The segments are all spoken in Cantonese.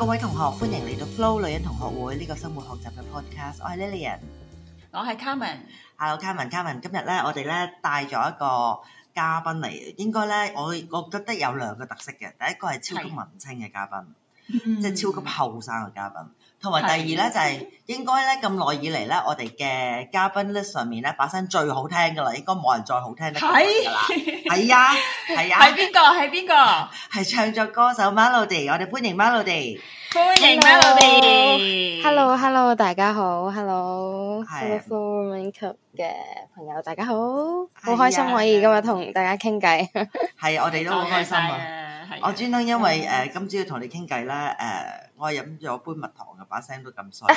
各位同學，歡迎嚟到 Flo 女人同學會呢個生活學習嘅 podcast。我係 Lillian，我係 Carmen。Hello，Carmen，Carmen，今日咧，我哋咧帶咗一個嘉賓嚟，應該咧，我我覺得有兩個特色嘅。第一個係超級文青嘅嘉賓，是即係超級後生嘅嘉賓。 同埋第二咧，的就係應該咧咁耐以嚟咧，我哋嘅嘉賓 list 上面咧，把聲最好聽嘅啦，應該冇人再好聽得過噶啦，係呀的，係呀的，係邊個？係邊個？係唱作歌手 Melody，我哋歡迎 Melody，歡迎 Melody，Hello hello, hello，大家好，Hello，Hello 的 Four Minute Cup，嘅朋友，大家好，好開心可以今日同大家傾偈。係，我哋都好開心啊！我專登因為誒今朝要同你傾偈啦，誒我飲咗杯蜜糖啊，把聲都咁衰，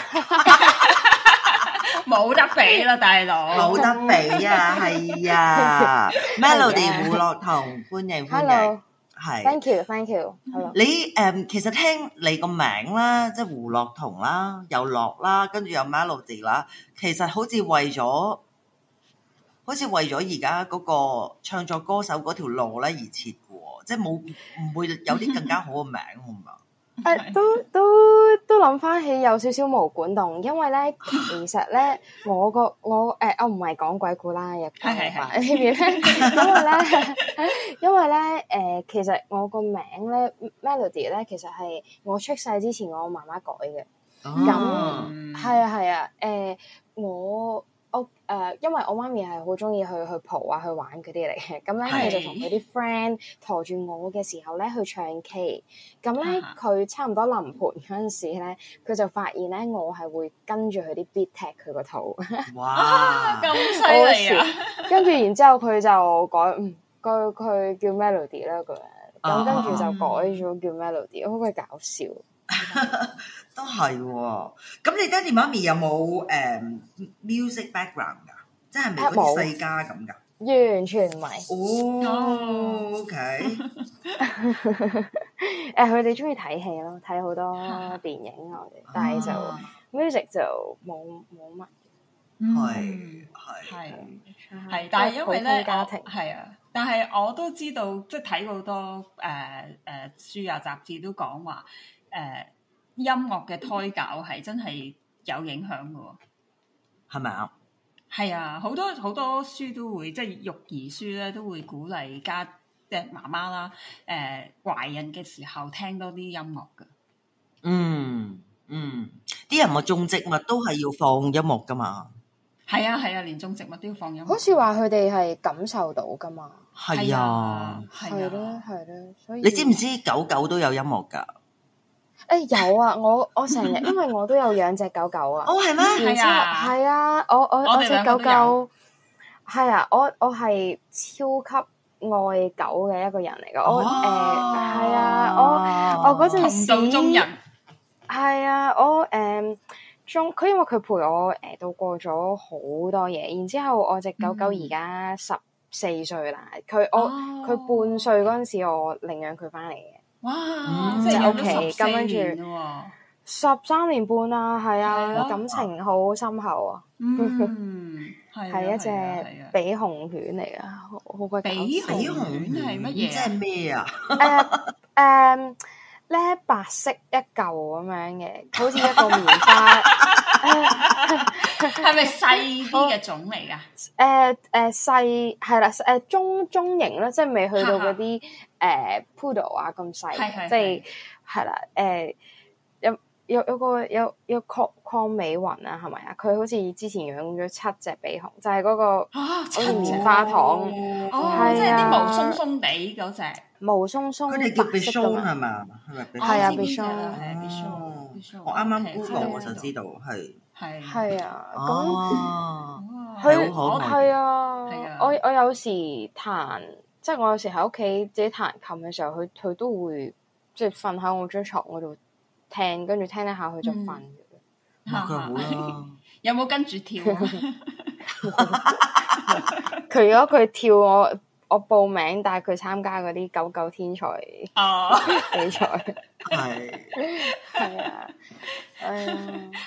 冇得比啦，大佬，冇得比啊！係啊，Melody 胡樂彤，歡迎歡迎，係，Thank you，Thank you。Hello。你誒，其實聽你個名啦，即係胡樂彤啦，又樂啦，跟住又 Melody 啦，其實好似為咗。好似為咗而家嗰個唱作歌手嗰條路咧而設嘅，即係冇唔會有啲更加好嘅名咁啊！係 嗎、uh, 都都都諗翻起有少少毛管動，因為咧其實咧我個我誒，我唔係講鬼故啦，又講白話，因為咧因為咧誒、呃，其實我個名咧 Melody 咧，其實係我出世之前我媽媽改嘅。咁係啊係啊，誒、呃、我。我誒，oh, uh, 因為我媽咪係好中意去去蒲啊，去玩嗰啲嚟嘅，咁咧佢就同佢啲 friend 陀住我嘅時候咧去唱 K，咁咧佢差唔多臨盆嗰陣時咧，佢就發現咧我係會跟住佢啲 beat 踢佢個肚。哇！咁犀利啊！跟住然之後佢就改，佢、嗯、佢叫 melody 啦，佢咁、啊、跟住就改咗叫 melody，好鬼搞笑。都係咁、哦，你爹哋媽咪有冇誒、um, music background 噶？即係咪嗰啲世家咁噶？完全唔係哦。OK，誒，佢哋中意睇戲咯，睇好多電影我哋、啊 mm.，但係就 music 就冇冇乜係係係，但係因為咧家庭係啊。但係我都知道，即係睇好多誒誒書啊，雜誌都講話。誒，音樂嘅胎教係真係有影響嘅，係咪吧啊？係啊，好多好多書都會，即係育兒書咧都會鼓勵家即係媽媽啦，誒、啊、懷孕嘅時候聽多啲音樂嘅、嗯。嗯嗯，啲人話種植物都係要放音樂噶嘛。係啊係啊，連種植物都要放音樂。好似話佢哋係感受到噶嘛？係啊，係咯係咯，所以你知唔知狗狗都有音樂噶？誒、哎，有啊！我我成日， 因為我都有養隻狗狗、哦、后啊。哦，係咩？係啊，我我我隻狗狗係啊，我我係超級愛狗嘅一個人嚟噶。哦、我誒，係、呃、啊，我我嗰陣時係啊，我誒，仲、呃、佢因為佢陪我誒，到、呃、過咗好多嘢。然之後我隻狗狗而家十四歲啦，佢、嗯、我佢半歲嗰陣時，我領養佢翻嚟嘅。哇！即係 OK。十四年，十三年半啊，係啊，感情好深厚啊，係係一隻比熊犬嚟噶，好鬼搞笑。比熊犬係乜嘢？即係咩啊？誒誒，咧白色一嚿咁樣嘅，好似一個棉花。誒係咪細啲嘅種嚟㗎？誒誒細係啦，誒中中型啦，即係未去到嗰啲誒 Poodle 啊咁細，即係係啦。誒有有有個有有鄺鄺美雲啊，係咪啊？佢好似之前養咗七隻比熊，就係嗰個啊，棉花糖，哦，即係啲毛鬆鬆地嗰隻，毛鬆鬆。佢哋叫比熊係嘛？係咪比熊？係啊，比熊。我啱啱 follow 我就知道，係係啊，咁佢好啊！我我有時彈，即係我有時喺屋企自己彈琴嘅時候，佢佢都會即係瞓喺我張床，我就會聽，跟住聽一下佢就瞓。佢會，有冇跟住跳？佢如果佢跳，我我報名，帶佢參加嗰啲狗狗天才哦比賽。係，係啊，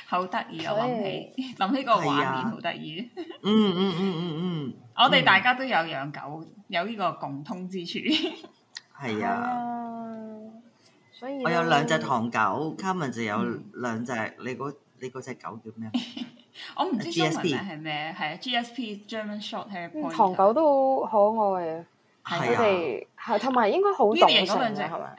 好得意啊！諗起諗起個畫面好得意。嗯嗯嗯嗯嗯。我哋大家都有養狗，有呢個共通之處。係啊，所以我有兩隻唐狗，Carman 就有兩隻。你嗰你嗰隻狗叫咩？我唔知 GSP 係咩？係啊，GSP German Short Hair。唐狗都好可愛啊！佢哋係同埋應該好懂事，係咪？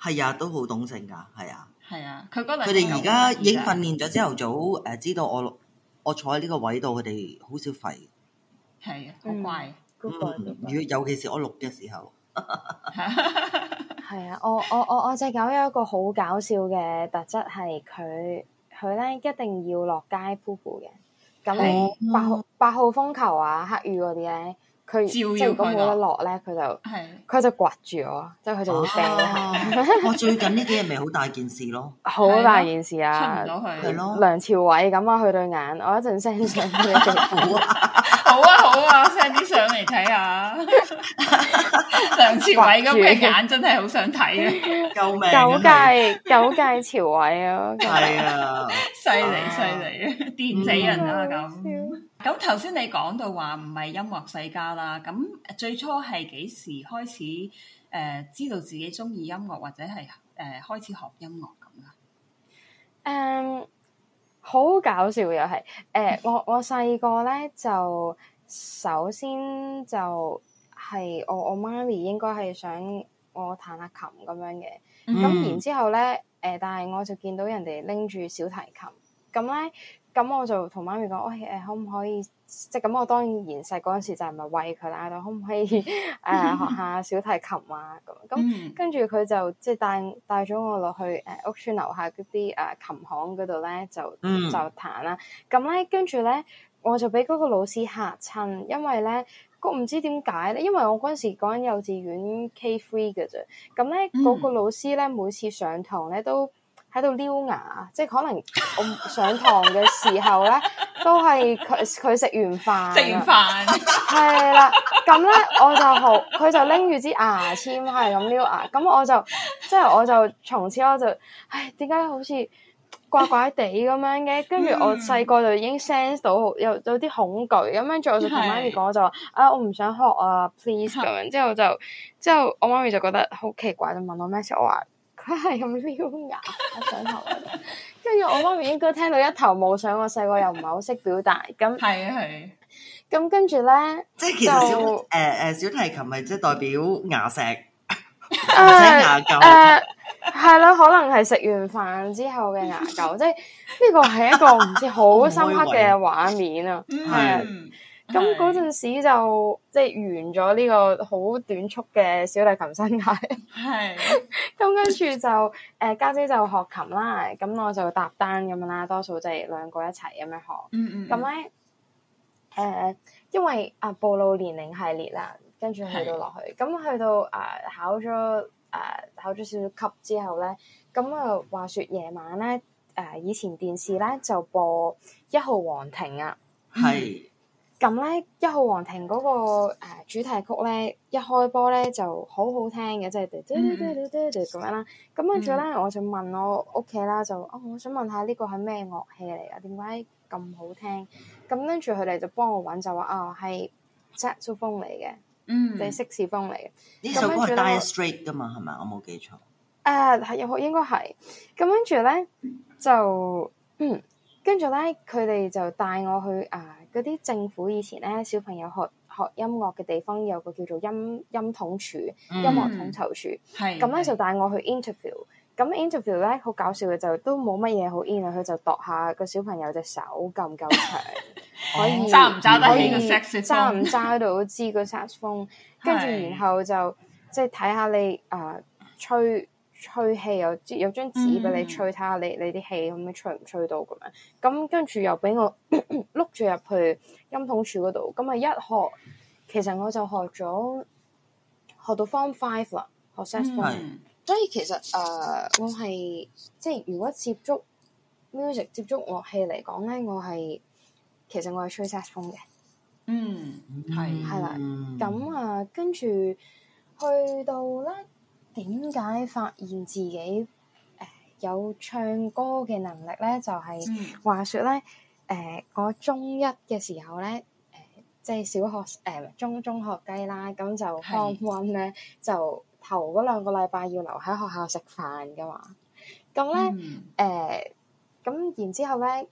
係啊，都好懂性㗎，係啊。係啊，佢哋而家已經訓練咗，朝頭早誒知道我我坐喺呢個位度，佢哋好少吠嘅。係啊，好乖。嗰尤其是我錄嘅時候。係 啊， 我我我我隻狗有一個好搞笑嘅特質係佢，佢咧一定要落街 poo poo 嘅。咁的八八號風球啊，黑雨嗰啲咧。佢即係如冇得落咧，佢就佢就刮住我，即係佢就掟。我最近呢幾日咪好大件事咯，好大件事啊！梁朝偉咁啊，佢對眼，我一陣 send 相俾你做補。好啊好啊，send 啲相嚟睇下。梁朝偉咁嘅眼真係好想睇啊！救命！九界！九界朝偉啊！係啊！犀利犀利啊！電死人啊咁。咁頭先你講到話唔係音樂世家啦，咁最初係幾時開始誒、呃、知道自己中意音樂或者係誒、呃、開始學音樂咁咧？誒，好搞笑又係誒，我我細個咧就首先就係我我媽咪應該係想我彈下琴咁樣嘅，咁、mm. 然之後咧誒、呃，但係我就見到人哋拎住小提琴，咁咧。咁我就同媽咪講：喂、哎、誒，可唔可以即係咁？我當然細嗰陣時就係咪喂佢啦，到可唔可以誒、呃、學下小提琴啊？咁咁跟住佢就即係帶帶咗我落去誒屋村樓下嗰啲誒琴行嗰度咧，就就彈啦。咁咧、嗯、跟住咧，我就俾嗰個老師嚇親，因為咧唔知點解咧，因為我嗰陣時講緊幼稚園 K three 嘅啫，咁咧嗰個老師咧每次上堂咧都，喺度撩牙，即係可能我上堂嘅時候咧，都係佢佢食完飯，食完飯係啦。咁咧，我就好，佢就拎住支牙簽係咁撩牙。咁我就即係，我就從此我就，唉，點解好似怪怪地咁樣嘅？跟住我細個就已經 sense 到有有啲恐懼咁跟住我就同媽咪講，就話的啊，我唔想學啊，please 咁樣。之後就之後我媽咪就覺得好奇怪，就問我咩事，我話。佢係咁撩牙上頭，跟住 我媽咪應該聽到一頭霧上我。我細個又唔係好識表達，咁係啊係。咁跟住咧，即係其實小誒誒就、呃、小提琴咪即係代表牙石， 或牙垢。係咯、呃呃，可能係食完飯之後嘅牙垢， 即係呢個係一個唔知好深刻嘅畫面啊！係啊。咁嗰陣時就即係、就是，完咗呢個好短促嘅小提琴生涯，係 咁 跟住就誒家、呃、姐，姐就學琴啦，咁、嗯、我就搭單咁樣啦，多數就係兩個一齊咁樣學，嗯嗯，咁咧誒，因為啊暴露年齡系列啦，跟住去到落去，咁是去到啊、呃、考咗誒、呃、考咗少少級之後咧，咁、嗯、啊話說夜晚咧誒以前電視咧就播一號皇庭啊，係。咁咧，一號皇庭嗰個誒主題曲咧，一開波咧就好好聽嘅，即係嘟嘟嘟嘟嘟咁樣啦。咁跟住咧，我就問我屋企啦，就哦，我想問下呢個係咩樂器嚟㗎？點解咁好聽？咁跟住佢哋就幫我搵就話哦，係色士風嚟嘅，嗯，即係色士風嚟嘅。呢首歌係 Dire Straits 㗎嘛？係咪？我冇記錯。誒，係應該係。咁跟住咧，就嗯。跟住咧，佢哋就帶我去啊，嗰啲政府以前咧，小朋友學學音樂嘅地方，有個叫做音音統處、嗯、音樂統籌處。係是。咁咧是的 就帶我去 interview、嗯 inter。咁 interview 咧，好搞笑嘅，就都冇乜嘢好 in 啊，佢就度下個小朋友隻手夠唔夠長， 可以揸唔揸得起個 saxophone，揸唔揸到知個 saxophone。跟住然後就即係睇下你啊、呃、吹。吹氣，有支有張紙俾你吹睇下、嗯、你你啲氣咁樣吹唔吹到咁樣，咁跟住又俾我碌住 入去音筒處嗰度，咁啊一學其實我就學咗學到 form five 啦，學 saxophone、嗯，是所以其實誒、呃、我係即係如果接觸 music 接觸樂器嚟講咧，我係其實我係吹 saxophone 嘅，嗯，係是，係啦，咁啊跟住去到咧。點解發現自己誒、呃、有唱歌嘅能力咧？就係、是嗯、話説咧，誒、呃、我中一嘅時候咧，誒即係小學誒、呃、中中學雞啦，咁就放温咧，就頭嗰兩個禮拜要留喺學校食飯㗎嘛。咁咧誒，咁、嗯呃、然之後咧，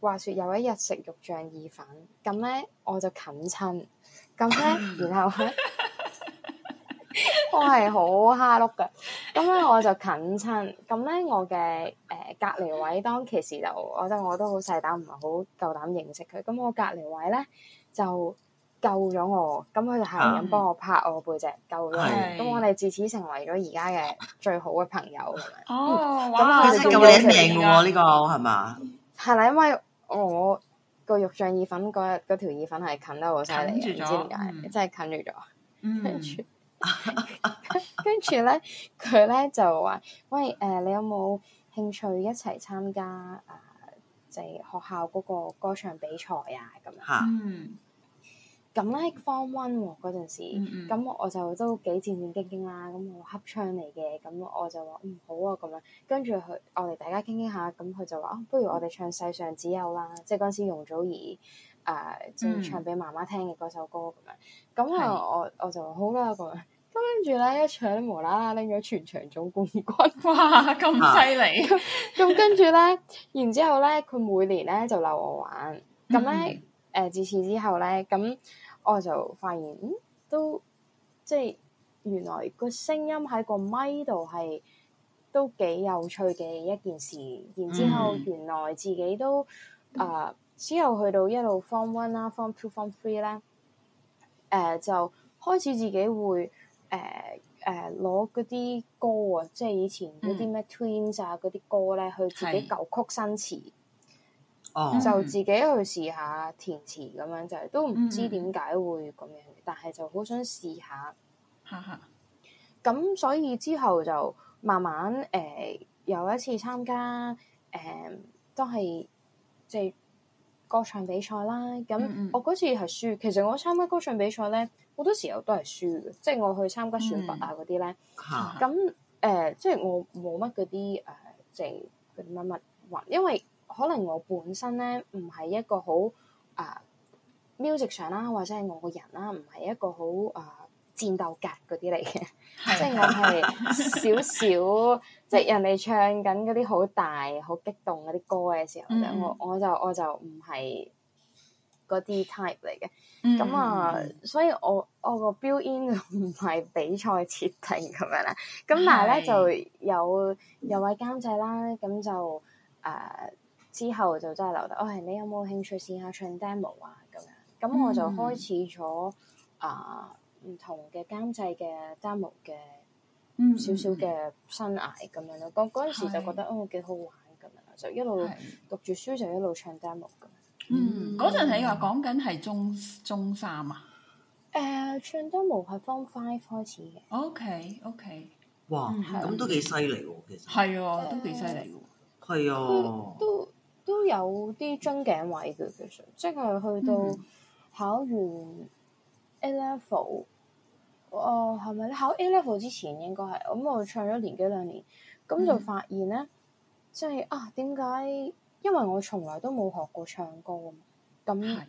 話説有一日食肉醬意粉，咁咧我就近親，咁咧然後咧。 都係好蝦碌嘅，咁咧我就近親，咁咧我嘅誒隔離位當其時就，我覺得我都好細膽，唔係好夠膽認識佢。咁我隔離位咧就救咗我，咁佢就係咁幫我拍我背脊救咗我。咁我哋自此成為咗而家嘅最好嘅朋友咁樣。佢真係救你命，呢個係嘛？係啦，因為我個肉醬意粉嗰嗰條意粉係近得好犀利嘅，唔知點解，真係近住咗。跟住咧，佢咧 就話：喂，誒、呃，你有冇興趣一齊參加啊？即、呃、係、就是、學校嗰個歌唱比賽啊？咁樣。吓、嗯嗯嗯。嗯。咁咧 Form One 嗰陣時，咁我就都幾戰戰兢兢啦。咁、嗯、我合唱嚟嘅，咁我就話：嗯，好啊，咁樣。跟住佢，我哋大家傾傾下，咁、嗯、佢就話、哦：不如我哋唱《世上只有啦》，即係嗰陣時容祖兒誒，即、呃、係唱俾媽媽聽嘅嗰首歌咁、嗯嗯、樣。咁、呃、啊，我我就好啦，咁樣。咁跟住咧，一唱無啦啦拎咗全場總冠軍，哇咁犀利！咁 跟住咧，然之後咧，佢每年咧就留我玩，咁咧誒自此之後咧，咁我就發現，嗯都即係原來個聲音喺個咪度係都幾有趣嘅一件事。嗯、然之後原來自己都啊，之、呃、後去到一路 form one 啦 form two form three 咧，誒、呃、就開始自己會。誒誒攞嗰啲歌啊，即係以前嗰啲咩 Twins 啊嗰啲歌咧，去自己舊曲新詞，哦，oh。就自己去試下填詞咁樣，樣， 就係都唔知點解會咁樣，但係就好想試下，嚇嚇。咁 所以之後就慢慢誒、呃、有一次參加誒、呃、都係即係歌唱比賽啦。咁我嗰次係輸，其實我參加歌唱比賽咧，好多時候都係輸嘅，即、就、係、是、我去參加選拔啊嗰啲咧，咁誒、嗯，即係、呃就是、我冇乜嗰啲誒，即係啲乜乜雲，因為可能我本身咧唔係一個好啊、呃、music 上啦、啊，或者係我個人啦、啊，唔係一個好啊、呃、戰鬥格嗰啲嚟嘅，即係我係少少，即係、 就是、人哋唱緊嗰啲好大好激動嗰啲歌嘅時候咧、嗯，我就我就我就唔係。嗰啲 type 嚟嘅，咁、mm hmm. 啊,所以我我個 build in 唔係比賽設定咁樣 Yes. 啦，咁但係咧就有有位監製啦，咁就誒之後就真係留低，哦你有冇興趣試下唱 demo 啊咁樣，咁我就開始咗啊唔同嘅監製嘅 demo 嘅少少嘅生涯咁樣咯，嗰嗰陣時就覺得 Yes. 哦幾好玩咁樣，就一路 Okay. 讀住書就一路唱 demo 咁。嗯，嗰陣、嗯、你話講緊係中、嗯、中三啊？誒、呃，唱多冇係 Form five 開始嘅。OK，OK。哇，咁都幾犀利喎，其實。係啊，都幾犀利喎。係啊，都都，都有啲樽頸位嘅其實，即係去到考完 A level、嗯。哦、嗯，係咪你考 A level 之前應該係，咁我唱咗年幾兩年，咁就發現咧，即係、嗯就是、啊點解？因為我從來都冇學過唱歌啊，咁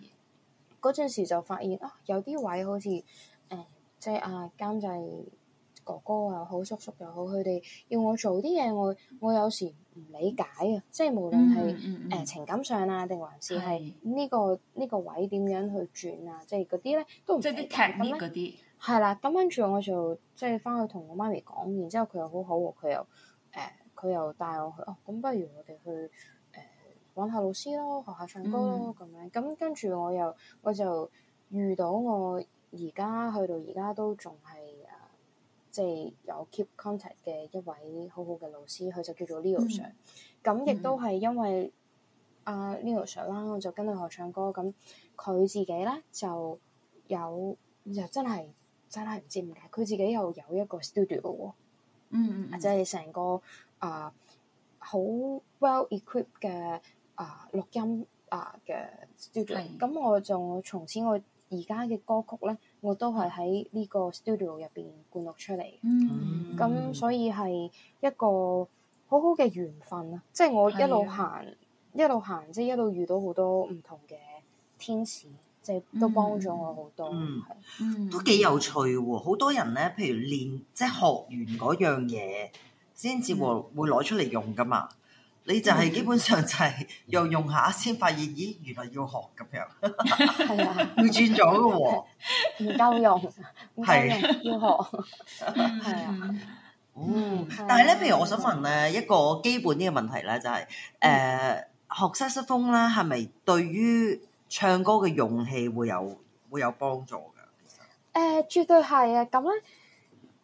嗰陣時就發現啊，有啲位好似誒、嗯，即係啊監製哥哥又好叔叔又好，佢哋要我做啲嘢，我我有時唔理解啊。即係無論係誒、嗯嗯嗯呃、情感上啦、啊，定還是係呢、呢個呢的個位點樣去轉啊，即係嗰啲咧都唔即係啲踢嗰啲係啦。咁跟住我就即係翻去同我媽咪講，然之後佢又好好喎，佢又誒佢又、呃、又帶我去哦。咁、啊啊啊啊啊啊、不如我哋去。揾下老師咯，學下唱歌咯咁、嗯、樣，咁跟住我又，我就遇到我而家去到而家都仲係誒，即、呃、係、就是、有 keep contact 嘅一位好好嘅老師，佢就叫做 Leo Sir。咁亦都係因為阿、嗯 uh, Leo Sir 啦，我就跟佢學唱歌。咁佢自己咧就有就真係真係唔知點解，佢自己又有一個 studio 喎。嗯嗯，即係成個誒好、呃、well equipped 嘅。啊，錄音啊嘅 studio，咁我就從此我而家嘅歌曲咧，我都係喺呢個 studio 入邊灌錄出嚟。嗯，咁所以係一個好好嘅緣分啊！即係我一路行，一路行，即係一路遇到好多唔同嘅天使，即係都幫咗我好多。嗯，係，嗯，都幾有趣喎！好多人咧，譬如練，即係學完嗰樣嘢，先至會攞出嚟用㗎嘛。你就係基本上就係要用下先發現，咦，原來要學咁樣，係 啊，會轉咗嘅喎，唔夠 用，係、啊、要學，係 啊，嗯。嗯但係咧，譬、啊、如我想問咧、啊、一個基本啲嘅問題咧，就係誒學薩克斯風咧，係咪對於唱歌嘅用氣會有會有幫助噶？誒、呃，絕對係啊！咁咧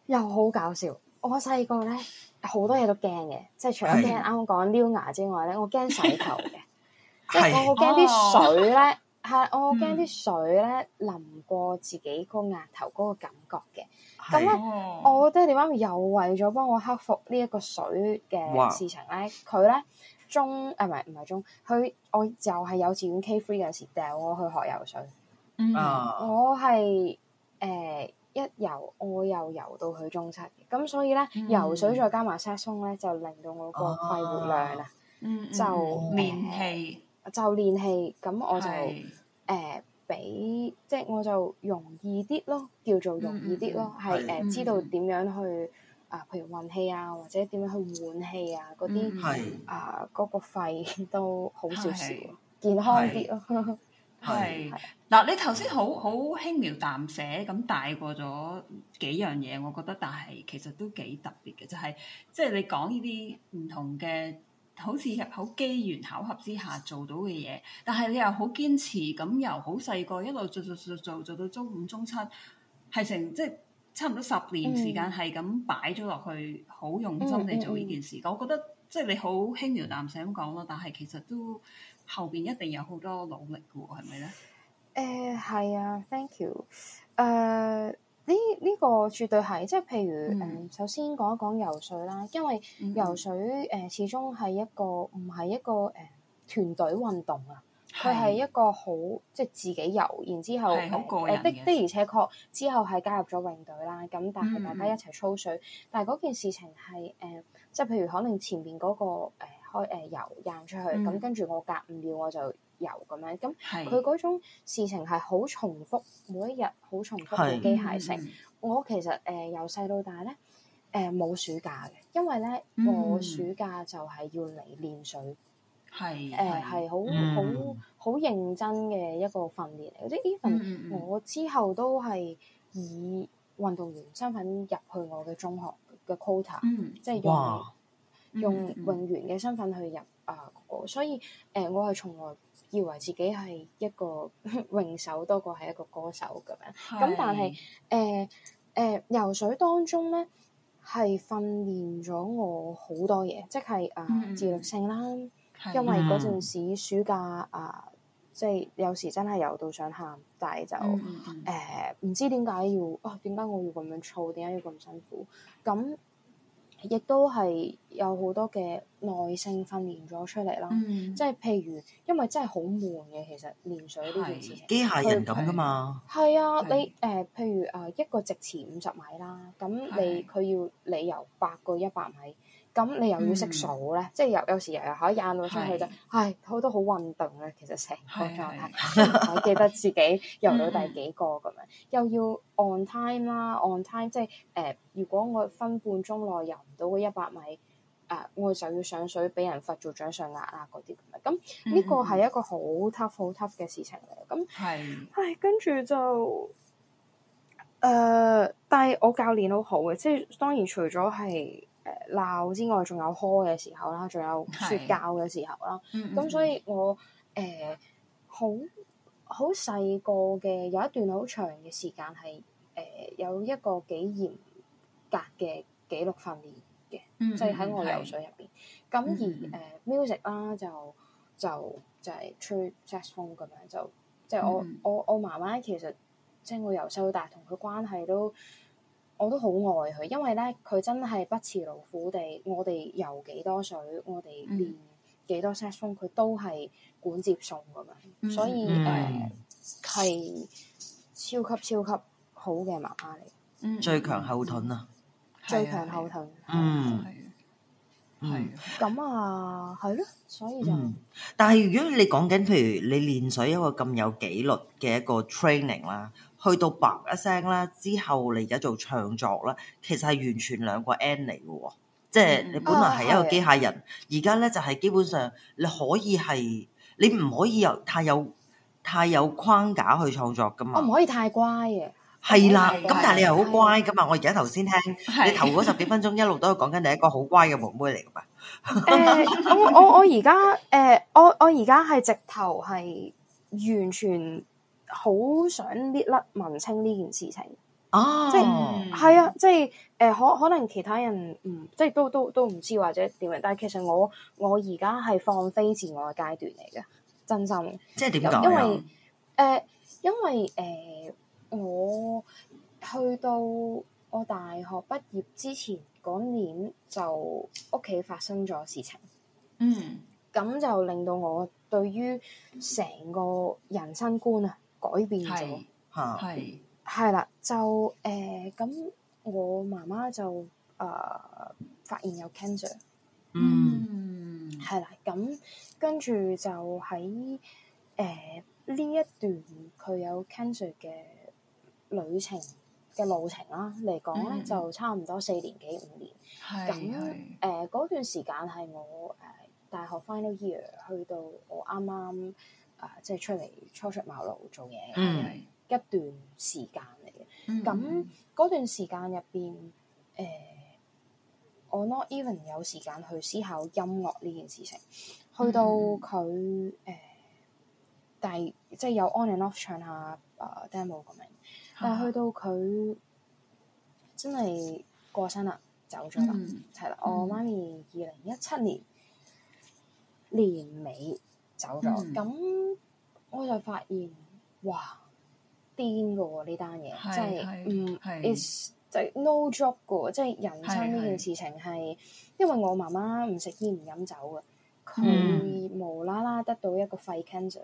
又好搞笑，我細個咧。好多嘢都驚嘅，即係除咗驚啱講撩牙之外咧，我驚 是洗頭嘅，即係 我好驚啲水咧，係我好驚啲水咧淋過自己個額頭嗰個感覺嘅。咁咧、哦，我爹哋媽咪又為咗幫我克服呢一個水嘅事情咧，佢咧中啊，唔係唔係中，佢、啊、我就係幼稚園 K three 嗰陣時掉我去學游水，嗯， 我係誒。呃一游我又游到佢中七，咁所以咧游水再加埋沙松咧，就令到我個肺活量啊，就練氣，就練氣，咁我就誒比即係我就容易啲咯，叫做容易啲咯，係誒知道點樣去啊，譬如運氣啊，或者點樣去換氣啊，嗰啲啊嗰個肺都好少少，健康啲咯。係嗱，你頭先好好輕描淡寫咁帶過咗幾樣嘢，我覺得，但係其實都幾特別嘅，就係即係你講呢啲唔同嘅，好似好機緣巧合之下做到嘅嘢，但係你又好堅持咁由好細個一路做做做做做到中五中七，係成即係、就是、差唔多十年時間係咁擺咗落去，好用心嚟做呢件事。嗯嗯嗯、我覺得即係、就是、你好輕描淡寫咁講咯，但係其實都。後邊一定有好多努力嘅喎，係咪咧？誒係、呃、啊，thank you、呃。誒呢呢個絕對係，即係譬如誒、嗯嗯，首先講一講游水啦，因為游水誒、嗯嗯呃、始終係一個唔係一個誒團隊運動啊，佢係一個好是即係自己游，然後、呃、之後好個人嘅的的而且確，之後係加入咗泳隊啦，咁但係大家一齊操水，嗯嗯，但係嗰件事情係誒、呃，即係譬如可能前面嗰、嗰個、呃呃開誒游，掙、呃、出去，咁跟住我隔五秒我就游。咁樣，咁佢嗰種事情係好重複，每一日好重複，好機械性。嗯、我其實誒由細到大咧誒冇暑假嘅，因為咧、嗯、我暑假就係要嚟練水，係誒係好好好認真嘅一個訓練嚟嘅。即係 even 我之後都係以運動員身份入去我嘅中學嘅 quota，即係用。用泳員嘅身份去入啊、mm hmm. 呃，所以誒、呃，我係從來以為自己係一個泳手多過係一個歌手咁樣。咁是、嗯、但係誒誒，游水當中咧係訓練咗我好多嘢，即係啊、呃、自律性啦。Mm hmm. 因為嗰陣時暑假啊、呃，即係有時真係游到想喊，但係就誒唔、mm hmm. 呃、知點解要啊？點解我要咁樣操？點解要咁辛苦？咁亦都係有好多嘅耐性訓練咗出嚟啦，嗯、即係譬如因為真係好悶嘅，其實練水呢件事，機械人咁噶它是嘛，係啊，是你誒、呃、譬如誒、呃、一個直前五十米啦，咁你佢是要你由八個一百米。咁你又要識數咧，嗯、即係有有時又日可以行到出去就，是唉，好多好混動嘅。其實成個狀態，我是記得自己游到第幾個咁樣，嗯、又要 on time 啦，on time 即係誒、呃，如果我分半鐘內游唔到嗰一百米，誒、呃，我就要上水俾人罰做掌上額掌上壓啊嗰啲咁樣。咁呢個係一個好 tough 好 tough 嘅事情嚟。係，是唉，跟住就誒、呃，但係我教練都好嘅，即係當然除咗係。鬧之外，仲有開嘅時候啦，仲有說教嘅時候啦。咁、嗯嗯、所以我，我誒好好細個嘅有一段好長嘅時間係誒有一個幾嚴格嘅紀律訓練嘅，即係喺我游水入邊。咁是而誒、嗯嗯呃、music 啦、啊，就就就係、是、吹 jazz 風咁樣，就即係、就是、我、嗯、我我媽媽其實即係、就是、我由細到大同佢關係都。我都好愛佢，因為咧佢真係不辭勞苦地，我哋游幾多水，我哋練幾多 session，佢都係管接送咁樣，所以誒係超級超級好嘅媽媽嚟。嗯，最強後盾啊！最強後盾。嗯，係啊，係啊。咁啊，係咯，所以就。但係如果你講緊譬如你練水一個咁有紀律嘅一個 training 啦。去到白一聲啦，之後你而家做唱作啦。其實係完全兩個 end 嚟嘅。即係你本來係一個機械人，而家咧就係基本上你可以係你唔可以有太有太有框架去創作噶嘛？我唔可以太乖嘅，係啦。咁但係你又好乖噶嘛？我而家頭先聽你頭嗰十幾分鐘一路都係講緊你一個好乖嘅妹妹嚟噶嘛？誒，我我我而家誒，我我而家係直頭係完全。好想搣甩文青呢件事情、oh。即啊！即係係啊，即係誒，可可能其他人唔、嗯、即係都都都唔知或者點樣，但係其實我我而家係放飛自我嘅階段嚟嘅，真心。即係點樣？因為誒、啊呃，因為誒、呃，我去到我大學畢業之前嗰年，就屋企發生咗事情。嗯，咁就令到我對於成個人生觀啊～改變咗，係係啦，就誒咁，呃、我媽媽就誒、呃、發現有 cancer，嗯，係啦，咁跟住就喺誒呢一段佢有 cancer 嘅旅程嘅路程啦、啊，嚟講咧、嗯、就差唔多四年幾五年，咁誒嗰段時間係我誒、呃、大學 final year 去到我啱啱。啊！即係出嚟初出茅廬做嘢、嗯、一段時間嚟嘅，咁嗰段時間入邊，誒、呃，我 not even 有時間去思考音樂呢件事情。去到佢誒、嗯呃，但係即係有 on and off 唱下啊、呃、demo 咁樣，但係去到佢、啊、真係過身啦，走咗啦，係啦、嗯，我媽咪二零一七年年尾。走咗咁，我就發現，哇癲噶喎，呢單嘢，即係嗯，it's 就 no joke 噶，即係人生呢件事情係，因為我媽媽唔食煙唔飲酒嘅，佢無啦啦得到一個肺 cancer。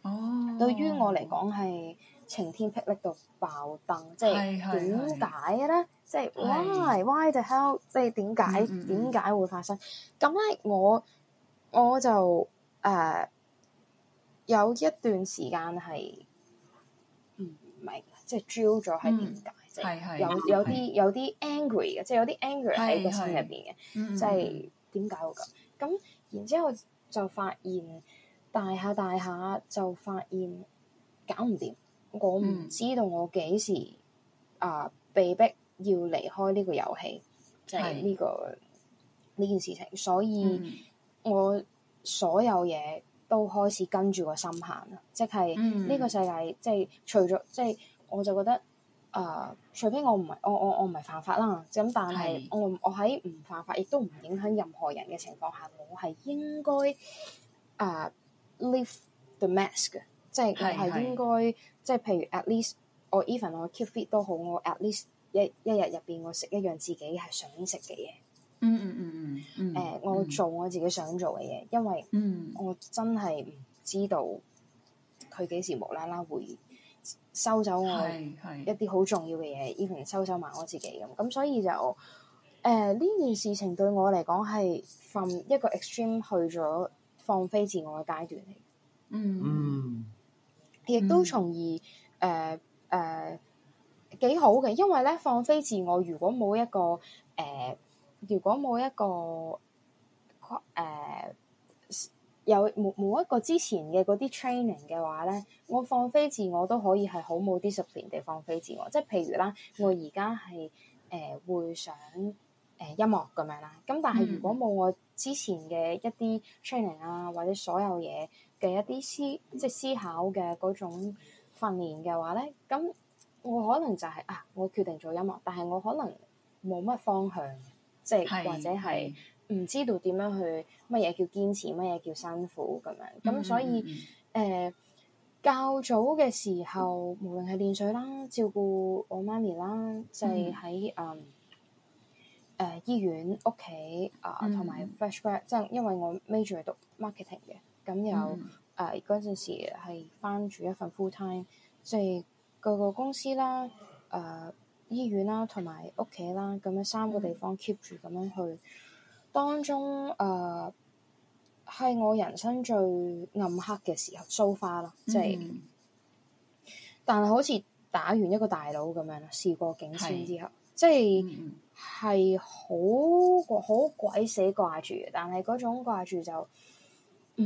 哦。對於我嚟講係晴天霹靂到爆燈，對對對，即係點解咧？即係 why why the hell？即係點解點解會發生咁咧？我我就。誒、uh, 有一段時間係唔明，即係嬌咗係點解？即係、就是嗯、有是是有啲有啲 angry 嘅，即係有啲 angry 喺個心入邊嘅，即係點解會咁？咁、嗯、然之後就發現，大下大下就發現搞唔掂。我唔知道我幾時啊、呃、被逼要離開呢個遊戲，即係呢個呢件事情，所以我。嗯嗯所有嘢都開始跟住個心行啦，即係呢個世界，嗯、即係除咗即係我就覺得，誒、呃、除非我唔係我我我唔係犯法啦，咁但係我我喺唔犯法，亦都唔影響任何人嘅情況下，我係應該誒 lift the mask 嘅，即係我係應該，呃、mask, 即係是是 譬如 at least，我 even 我 keep fit 都好，我 at least 一一日入邊我食一樣自己係想食嘅嘢。嗯嗯嗯。誒、嗯呃，我做我自己想做嘅嘢，嗯、因為我真係唔知道佢幾時無啦啦會收走我一啲好重要嘅嘢，even 收走埋我自己咁。咁所以就誒呢、呃、件事情對我嚟講係 from 一個 extreme 去咗放飛自我嘅階段嚟。嗯，亦、嗯、都從而誒誒幾好嘅，因為咧放飛自我如果冇一個誒，呃如果冇一個誒、呃、有冇冇一個之前嘅嗰啲 training 嘅話咧，我放飛自我都可以係好冇 discipline 地放飛自我。即係譬如啦，我而家係誒會想誒、呃、音樂咁樣啦。咁但係如果冇我之前嘅一啲 training 啊，或者所有嘢嘅一啲思即係思考嘅嗰種訓練嘅話咧，咁我可能就係、是、啊，我決定做音樂，但係我可能冇乜方向。即係或者係唔知道點樣去乜嘢叫堅持，乜嘢叫辛苦咁樣。咁所以誒、mm hmm. 呃，較早嘅時候，無論係練水啦，照顧我媽咪啦，就係喺誒誒醫院屋企啊，同埋 fresh grad，即係因為我 major 讀 marketing 嘅，咁有誒嗰陣時係翻住一份 full time，即係個個公司啦，誒、呃。醫院啦、啊，同埋屋企啦，咁樣三個地方 keep 住咁樣去。嗯、當中誒係、呃、我人生最暗黑嘅時候、so 就是，so far 啦，即係。但係好似打完一個大佬咁樣啦，事過境遷之後，是即係係好好鬼死掛住，但係嗰種掛住就嗯，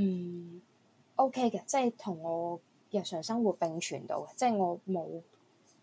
嗯 OK 嘅，即係同我日常生活並存到嘅，即係我冇。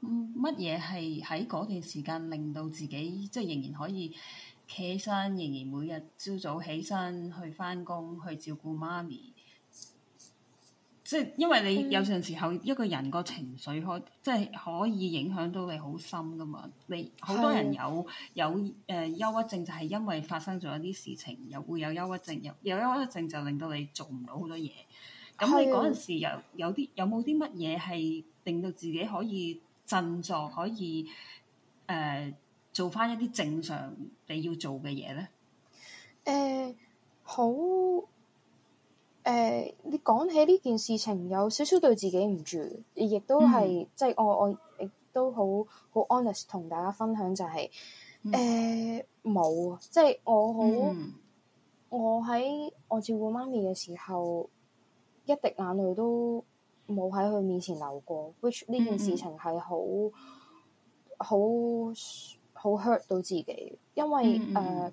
乜嘢係喺嗰段時間令到自己即係仍然可以企起身，仍然每日朝早起身去返工，去照顧媽咪。即係因為你有陣時候一個人個情緒可、嗯、即係可以影響到你好深㗎嘛。你好多人有的有誒、呃、憂鬱症就係因為發生咗一啲事情又會有憂鬱症，又又憂鬱症就令到你做唔到好多嘢。咁你嗰陣時有啲有冇啲乜嘢係令到自己可以振作可以誒、呃、做翻一啲正常你要做嘅嘢咧？誒、呃，好誒、呃，你講起呢件事情，有少少對自己唔住，亦都係即係我我亦都好好 honest 同大家分享就係誒冇啊！即係、嗯呃就是、我好、嗯、我喺我照顧媽咪嘅時候，一滴眼淚都。冇喺佢面前流過 which 呢件事情係好好好 hurt 到自己，因為誒、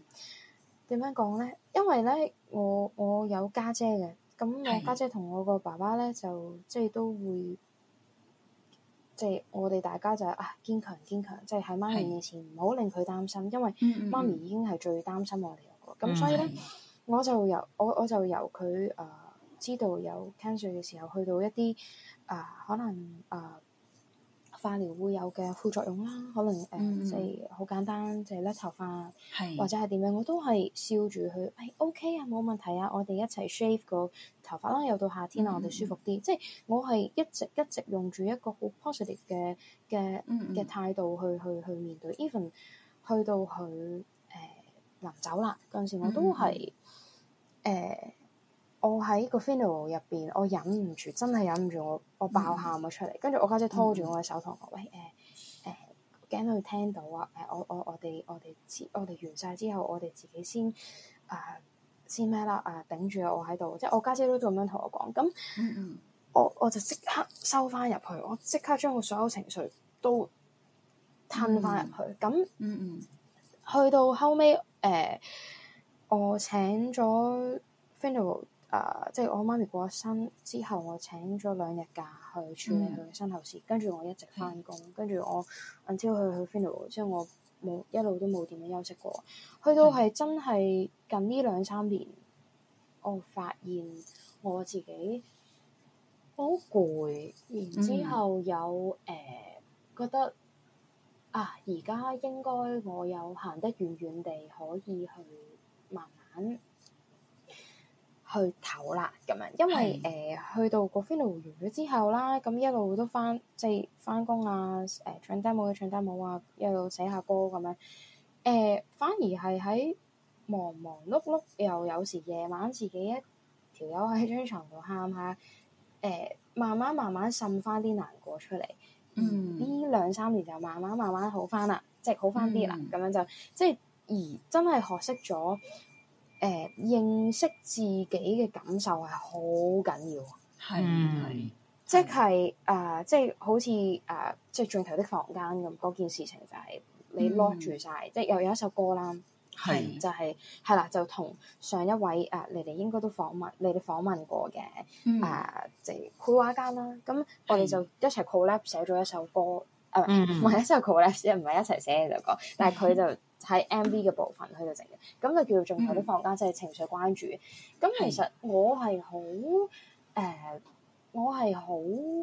點樣講咧？因為咧，我我有家姐嘅，咁我家姐同我個爸爸咧，就即係都會，即係我哋大家就啊堅強堅強，即係喺媽咪面前唔好令佢擔心，因為媽咪已經係最擔心我哋個，咁所以咧我就由我我就由佢誒。知道有 cancer 嘅時候，去到一啲啊、呃，可能啊、呃、化療會有嘅副作用啦，可能誒，即係好簡單，即係甩頭髮，是或者係點樣，我都係笑住去，喂，OK 啊，冇、okay，問題啊，我哋一齊 shave 個頭髮啦。又到夏天啊，mm hmm. 我哋舒服啲。即、就、係、是、我係一直一直用住一個好 positive 嘅嘅嘅態度去去去，去面對，even 去到佢誒臨走啦嗰陣時，我都係誒。Mm hmm. 呃我喺個 funeral 入邊，我忍唔住，真係忍唔住我，我爆我爆喊咗出嚟。跟住我家姐拖住我嘅手，同我，喂誒誒，驚、呃、佢、呃、聽到啊！誒、呃，我我我哋我哋自我哋完晒之後，我哋自己先啊先咩啦？啊、呃，頂住我喺度，即係我家姐，姐都咁樣同我講咁、嗯嗯，我我就即刻收翻入去，我即刻將我所有情緒都吞翻入去。咁嗯嗯，去、嗯嗯嗯、到後尾誒、呃，我請咗 funeral 啊！即係我媽咪過咗身之後，我請咗兩日假去處理佢嘅身後事，嗯、跟住我一直翻工，嗯、跟住我 until 去去 final，即係我冇一路都冇點樣休息過。去到係真係近呢兩三年，我發現我自己好攰，然之後有誒、嗯呃、覺得啊，而家應該我有行得遠遠地，可以去慢慢。去唞啦咁樣，因為誒的、呃、去到個 final 完咗之後啦，咁一路都翻即係翻工啊，誒、呃、唱 demo 嘅唱 demo 啊，一路寫下歌咁、啊、樣，誒、呃、反而係喺忙忙碌碌碌，又有時夜晚自己一條友喺張床度喊下，誒、呃、慢慢慢慢滲翻啲難過出嚟，呢兩、嗯、三年就慢慢慢慢好翻啦，即係好翻啲啦，咁、嗯、樣就即係而真係學識咗。誒認識自己嘅感受係好緊要，係係，即係誒、呃，即係好似誒，即係盡頭的房間咁嗰件事情就係你 lock 住晒、嗯，即係又有一首歌啦，係是是就係係啦，就同上一位誒、呃，你哋應該都訪問，你哋訪問過嘅誒繪畫家啦，咁我哋就一齊 collab 寫咗一首歌，誒唔係一首 collab，唔係一齊寫嘅首歌，但係佢就。 睇 MV 嘅部分，佢哋整嘅，咁就叫做盡頭的房間、嗯、即係情緒關注。咁其實我係好誒，我係好誒，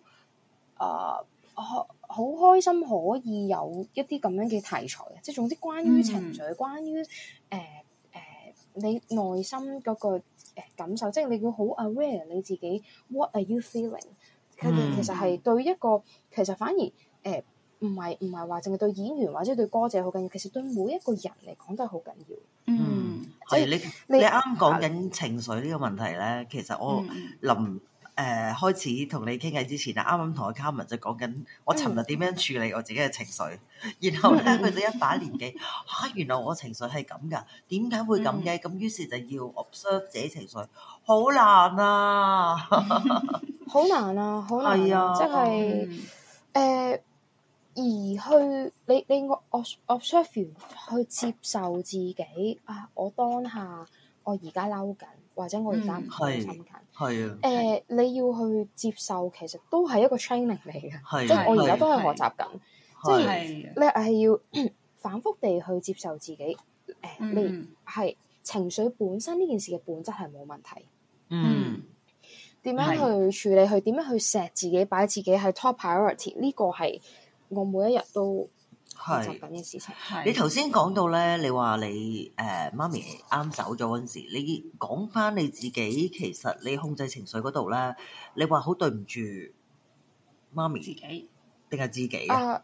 好、呃、開心可以有一啲咁樣嘅題材嘅，即係總之關於情緒，嗯、關於誒誒、呃呃、你內心嗰個誒感受，即係你會好 aware 你自己 what are you feeling，佢哋、嗯、其實係對一個其實反而誒。呃唔係唔係話淨係對演員或者對歌者好緊要，其實對每一個人嚟講都係好緊要。嗯，即係所以 你你啱講緊情緒呢個問題咧，其實我臨誒、 呃、開始同你傾偈之前啊，啱啱同個卡文就講緊我尋日點樣處理我自己嘅情緒，然後咧佢就一把年紀嚇、啊，原來我情緒係咁㗎，點解會咁嘅？咁於是就要 observe 自己情緒，好難啊，好 難啊，好難、啊，即係誒。就是 uh, 而去你你我我我 serve 完去接受自己啊！我當下我而家嬲緊，或者我而家唔開心緊，係啊、嗯！誒，呃、是你要去接受，其實都係一個 training 嚟嘅，即係是我而家都係學習緊，即係你係要反覆地去接受自己。誒、呃，你係、嗯、情緒本身呢件事嘅本質係冇問題。嗯，點、嗯、樣去處理？去點是是樣去錫自己？擺自己喺 top priority 呢個係。我每一日都做緊嘅事情。是你頭先講到咧，你話你誒媽、呃、咪啱走咗陣時，你講翻你自己，其實你控制情緒嗰度咧，你話好對唔住媽咪自己定係自己嘅？誒、呃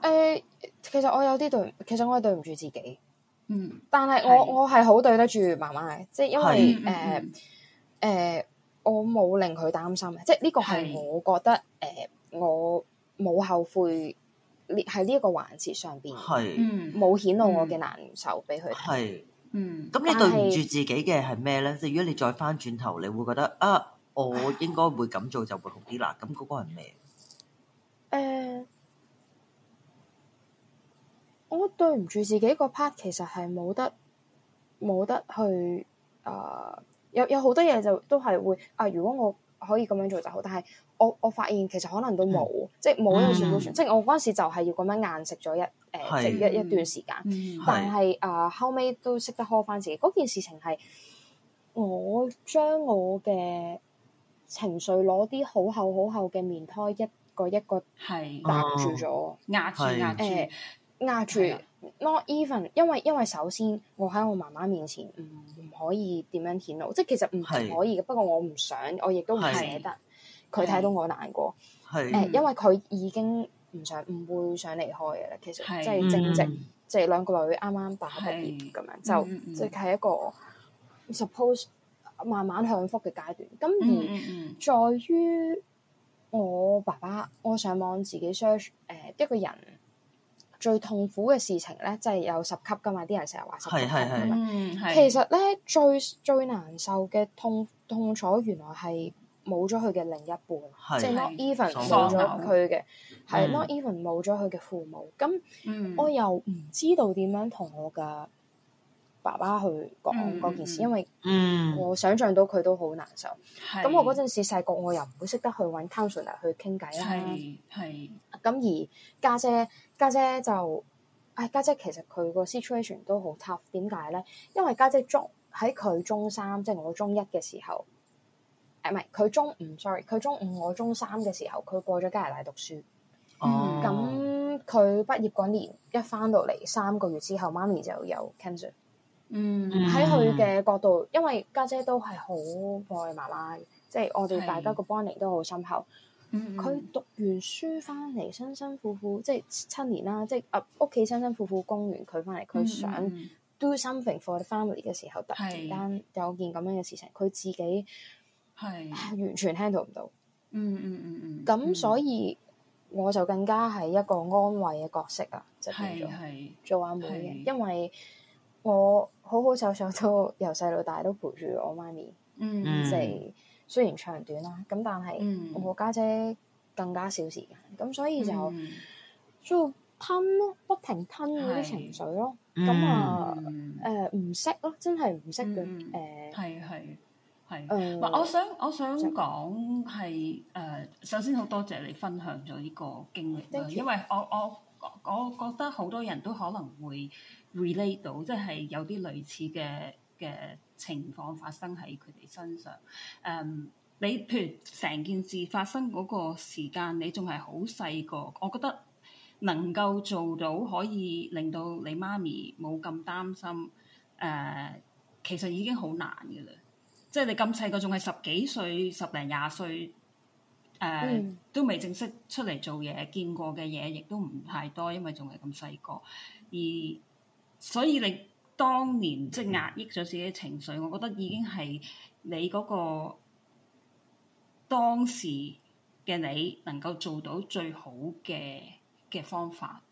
呃，其實我有啲對，其實我係對唔住自己。嗯，但係我是我係好對得住媽媽嘅，即係因為誒誒是、呃呃，我冇令佢擔心，即係呢個係我覺得誒是、呃，我冇後悔。喺呢一個環節上邊，冇是、嗯、顯露我嘅難受俾佢睇是。嗯。咁你對唔住自己嘅係咩咧？是即係如果你再翻轉頭，你會覺得啊，我應該會咁做就會好啲啦。咁嗰個係咩？誒、嗯，我對唔住自己個 part 其實係冇得冇得去啊、呃！有有好多嘢就都係會啊！如果我可以咁樣做就好，但係。我我發現其實可能都冇，即係冇呢個種宣傳。即係我陣時就係要咁樣硬食咗一誒即係一一段時間，但係誒後尾都識得開翻自己件事情係我將我嘅情緒攞啲好厚好厚嘅棉胎一個一個係壓住咗，壓住壓住。not even，因為因為首先我喺我媽媽面前唔唔可以點樣顯露，即係其實唔係可以嘅。不過我唔想，我亦都唔捨得。佢睇到我難過，係是，誒，因為佢已經唔想唔會想離開嘅啦。其實，即係是正值，即係兩個女啱啱大學畢業咁樣，就即係、嗯、一個、嗯、suppose 慢慢享福嘅階段。咁而在於我爸爸，我上網自己 search 誒一個人最痛苦嘅事情咧，即、就、係、是、有十級㗎嘛？啲人成日話十級，其實咧最最難受嘅痛痛楚原來係。冇咗佢嘅另一半，是即係 not even 冇咗佢嘅，係 not even 冇咗佢嘅父母。咁、嗯、我又唔知道點樣同我嘅爸爸去講、嗯、件事，嗯、因為嗯，我想象到佢都好難受。咁是我陣時細個我又唔會識得去揾湯 sir 嚟去傾偈啦。係係咁而家姐家姐，姐，姐就唉家、哎、姐，姐其實佢個 situation 都好 tough，點解咧？因為家姐中喺佢中三，即、就、係、是、我中一嘅時候。誒唔係佢中五，sorry，佢中五我中三嘅時候，佢過咗加拿大讀書。哦、oh。咁佢畢業嗰年一翻到嚟三個月之後，媽咪就有 cancer。嗯、mm。喺佢嘅角度，因為家姐都係好愛媽媽，即係我哋大家嘅 bonding 都好深厚。佢、mm hmm. 讀完書翻嚟，辛辛苦苦即係七年啦，即係啊屋企辛辛苦苦供完佢翻嚟，佢想 do something for the family 嘅時候，突然間有件咁樣嘅事情，佢是自己。係完全 handle 唔到，嗯嗯嗯嗯，咁所以我就更加係一個安慰嘅角色啦，就叫做做阿妹嘅，是因為我好好仔仔都由細到大都陪住我媽咪，嗯，即係雖然長短啦，咁但係我家姐，姐更加少時間嘅，咁所以就做吞咯，不停吞嗰啲情緒咯，咁啊誒唔識咯，真係唔識嘅誒，係係、嗯。係、um，我想我想講係誒，首先好多謝你分享咗呢個經歷 Thank you. 因為我我我覺得好多人都可能會 relate 到，即係有啲類似嘅嘅情況發生喺佢哋身上。誒、嗯，你譬如成件事發生嗰個時間，你仲係好細個，我覺得能夠做到可以令到你媽咪冇咁擔心，誒、呃，其實已經好難㗎喇。即係你咁細個，仲係十幾歲、十零廿歲，誒、呃嗯、都未正式出嚟做嘢，見過嘅嘢亦都唔太多，因為仲係咁細個。而所以你當年即係、就是、壓抑咗自己嘅情緒，嗯、我覺得已經係你嗰個當時嘅你能夠做到最好嘅嘅方法。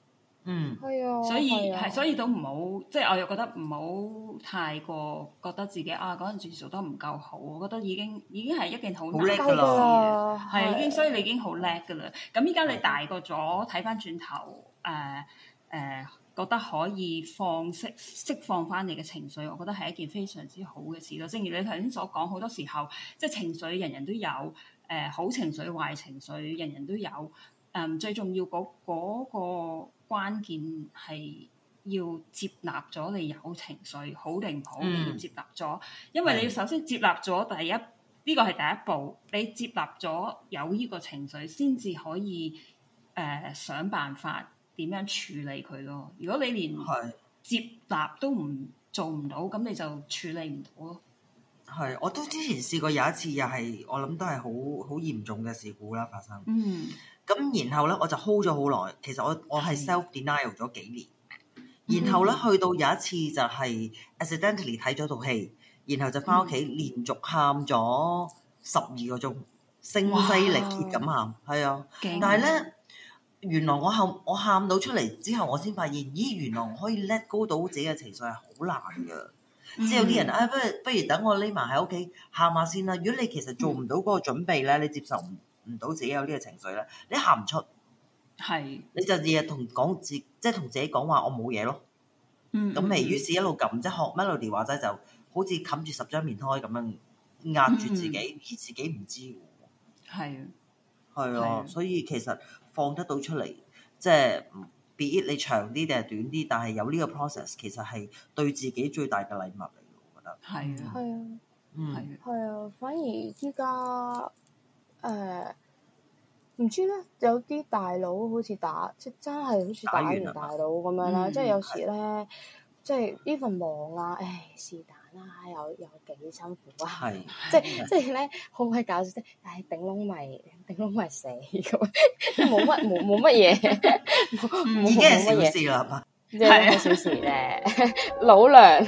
嗯，啊、所以係、啊，所以都唔好，即、就、係、是、我又覺得唔好太過覺得自己啊嗰陣時做得唔夠好，我覺得已經已經係一件好叻嘅事，係已經，所以你已經好叻噶啦。咁依家你大個咗，睇翻轉頭誒誒，覺得可以放釋釋放翻你嘅情緒，我覺得係一件非常之好嘅事咯。正如你頭先所講，好多時候即係情緒，人人都有誒、呃，好情緒、壞情緒人，人人都有。嗯，最重要嗰嗰個。關鍵係要接納咗你有情緒，好定唔好，你要接納咗。因為你要首先接納咗第一，呢個係第一步。你接納咗有呢個情緒，先至可以誒、呃、想辦法點樣處理佢咯。如果你連接納都唔是做唔到，咁你就處理唔到咯。係，我都之前試過有一次，又係我諗都係好好嚴重嘅事故啦，發生。嗯。咁然後咧，我就 hold 咗好耐。其實我我係 self denial 咗幾年，然後咧去到有一次就係 accidentally 睇咗套戲，然後就翻屋企連續喊咗十二個鐘，聲嘶力竭咁喊，係啊。但係咧原來我喊我喊到出嚟之後，我先發現咦，原來可以 let go 到自己嘅情緒係好難㗎。即係有啲人啊，不如不如等我匿埋喺屋企喊下先啦。如果你其實做唔到嗰個準備咧，你接受唔？唔到自己有呢個情緒咧，你行唔出，係，你就日日同講自，即係同自己講話，我冇嘢咯，嗯，咁咪於是一路撳，即係學 Melody 話齋，就好似冚住十張棉胎咁樣壓住自己，自己唔知，係，係啊，所以其實放得到出嚟，即係，別你長啲定係短啲，但係有呢個 process，其實係對自己最大嘅禮物嚟嘅，我覺得，係啊，係啊，係啊，反而依家。誒，唔、uh, 知咧，有啲大佬好似打，即係真係好似打完大佬咁樣啦。即係有時咧，即係呢份忙啊，唉，是但啦，又又幾辛苦啊，是即係即係咧，好鬼搞笑，即係唉頂窿咪頂窿咪死，咁冇乜冇冇乜嘢，已經係小事啦，即係小事咧， 老娘。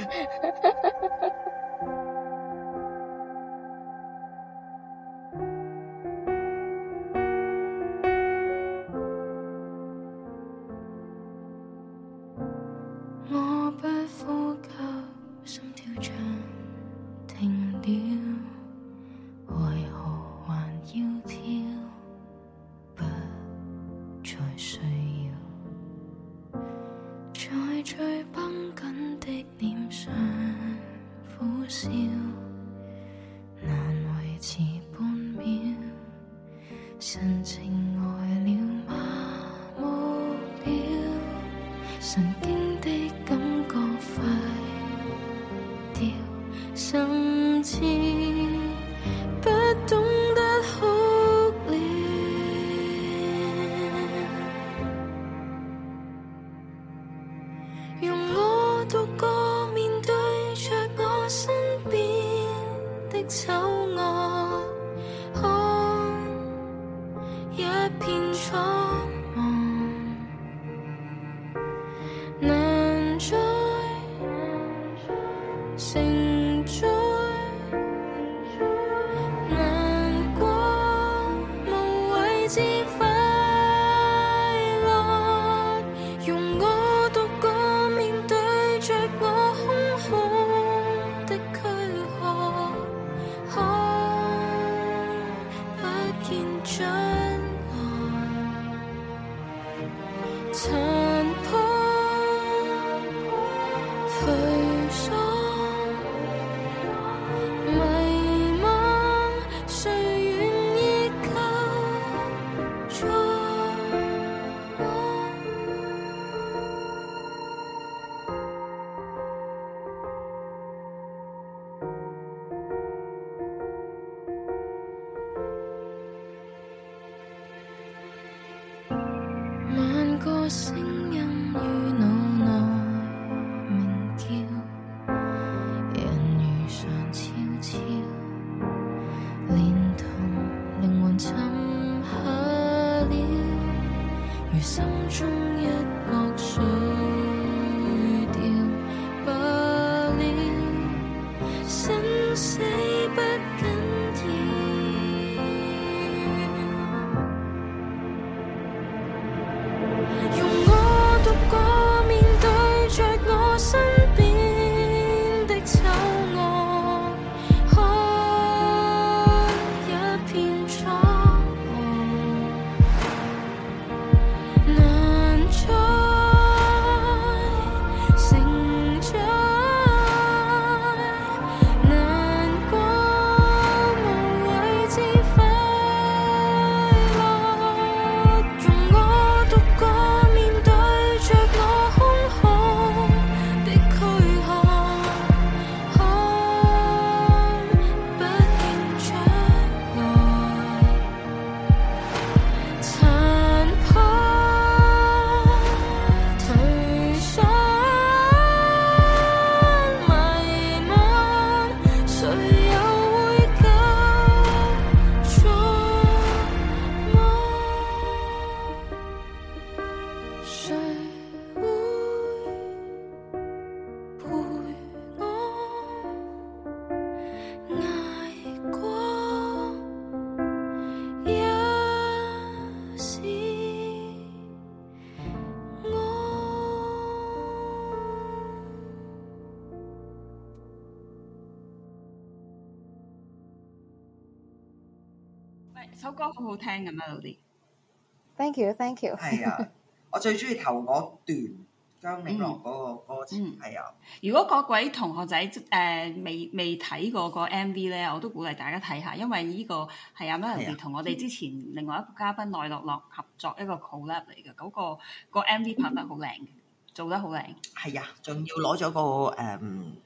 好聽噶咩？Melody，thank you，thank you。係啊，我最中意頭嗰段姜明樂嗰個歌詞係啊。如果嗰位同學仔誒未未睇過個 MV 咧，我都鼓勵大家睇下，因為呢個係阿咩老弟同我哋之前另外一個嘉賓奈樂樂合作一個 collab 嚟嘅、那個，嗰、那個個 MV 拍得好靚，做得好靚。係啊、嗯，仲要攞咗個誒誒、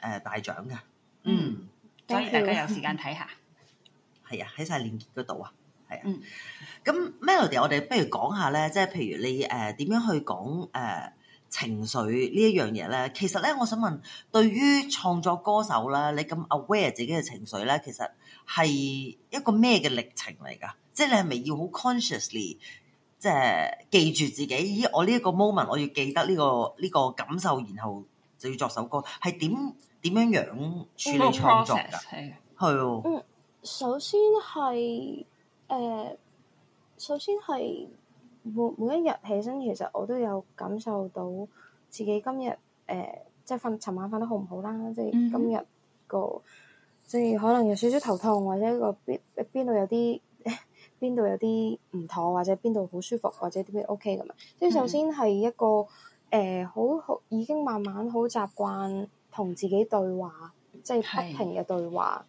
呃、大獎噶。嗯，所以 Thank you. 大家有時間睇下係啊，喺晒 連結嗰度啊。係啊，咁、嗯、 Melody，我哋不如講下咧，即係譬如你誒點、呃、樣去講誒、呃、情緒呢一樣嘢咧。其實咧，我想問，對於創作歌手啦，你咁 aware 自己嘅情緒咧，其實係一個咩嘅歷程嚟噶？即係你係咪要好 consciously 即係記住自己？咦，我呢一個 moment 我要記得呢、這個呢、這個感受，然後就要作首歌，係點點樣樣處理創作噶？係係嗯，首先係。誒，uh, 首先係每每一日起身，其實我都有感受到自己今日誒、呃，即係瞓，尋晚瞓得好唔好啦？即係今日個，嗯、哼即係可能有少少頭痛，或者個邊邊度有啲邊度有啲唔妥，或者邊度好舒服，或者點咩 OK 咁樣？即係首先係一個誒，好好、嗯呃、已經慢慢好習慣同自己對話，即係不停嘅對話。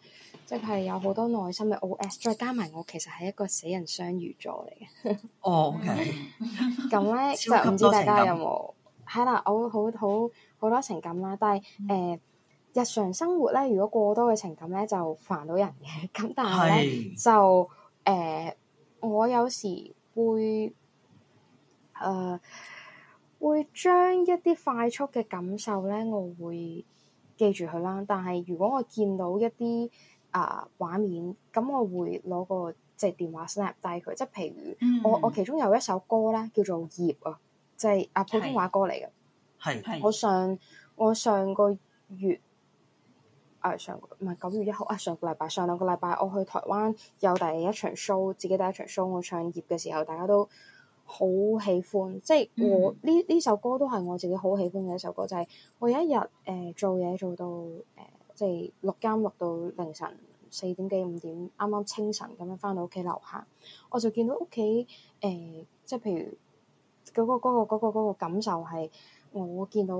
即係有好多內心嘅 O.S. 再加埋我，其實係一個死人雙魚座嚟嘅。哦，OK。咁咧就唔知大家有冇係啦。我好好好，好多情感啦，但係誒、呃、日常生活咧，如果過多嘅情感咧，就煩到人嘅。咁但係咧是就誒、呃，我有時會誒、呃、會將一啲快速嘅感受咧，我會記住佢啦。但係如果我見到一啲啊畫、uh, 面，咁我會攞個即係電話 snap 帶佢，即係譬如我我其中有一首歌咧叫做葉啊，即係啊普通話歌嚟嘅。係係，我上我上個月啊上唔係九月一號啊上個禮、啊、拜上兩個禮拜我去台灣有第一場 show，自己第一場 show 我唱葉嘅時候，大家都好喜歡，即係是我呢呢首歌都係我自己好喜歡嘅一首歌，就係、是、我有一日誒、呃、做嘢做到誒。呃即係錄監錄到凌晨四點幾五點，啱啱清晨咁樣翻到屋企樓下，我就見到屋企誒，即係譬如嗰、嗰個嗰、嗰個嗰個嗰個嗰個感受係我見到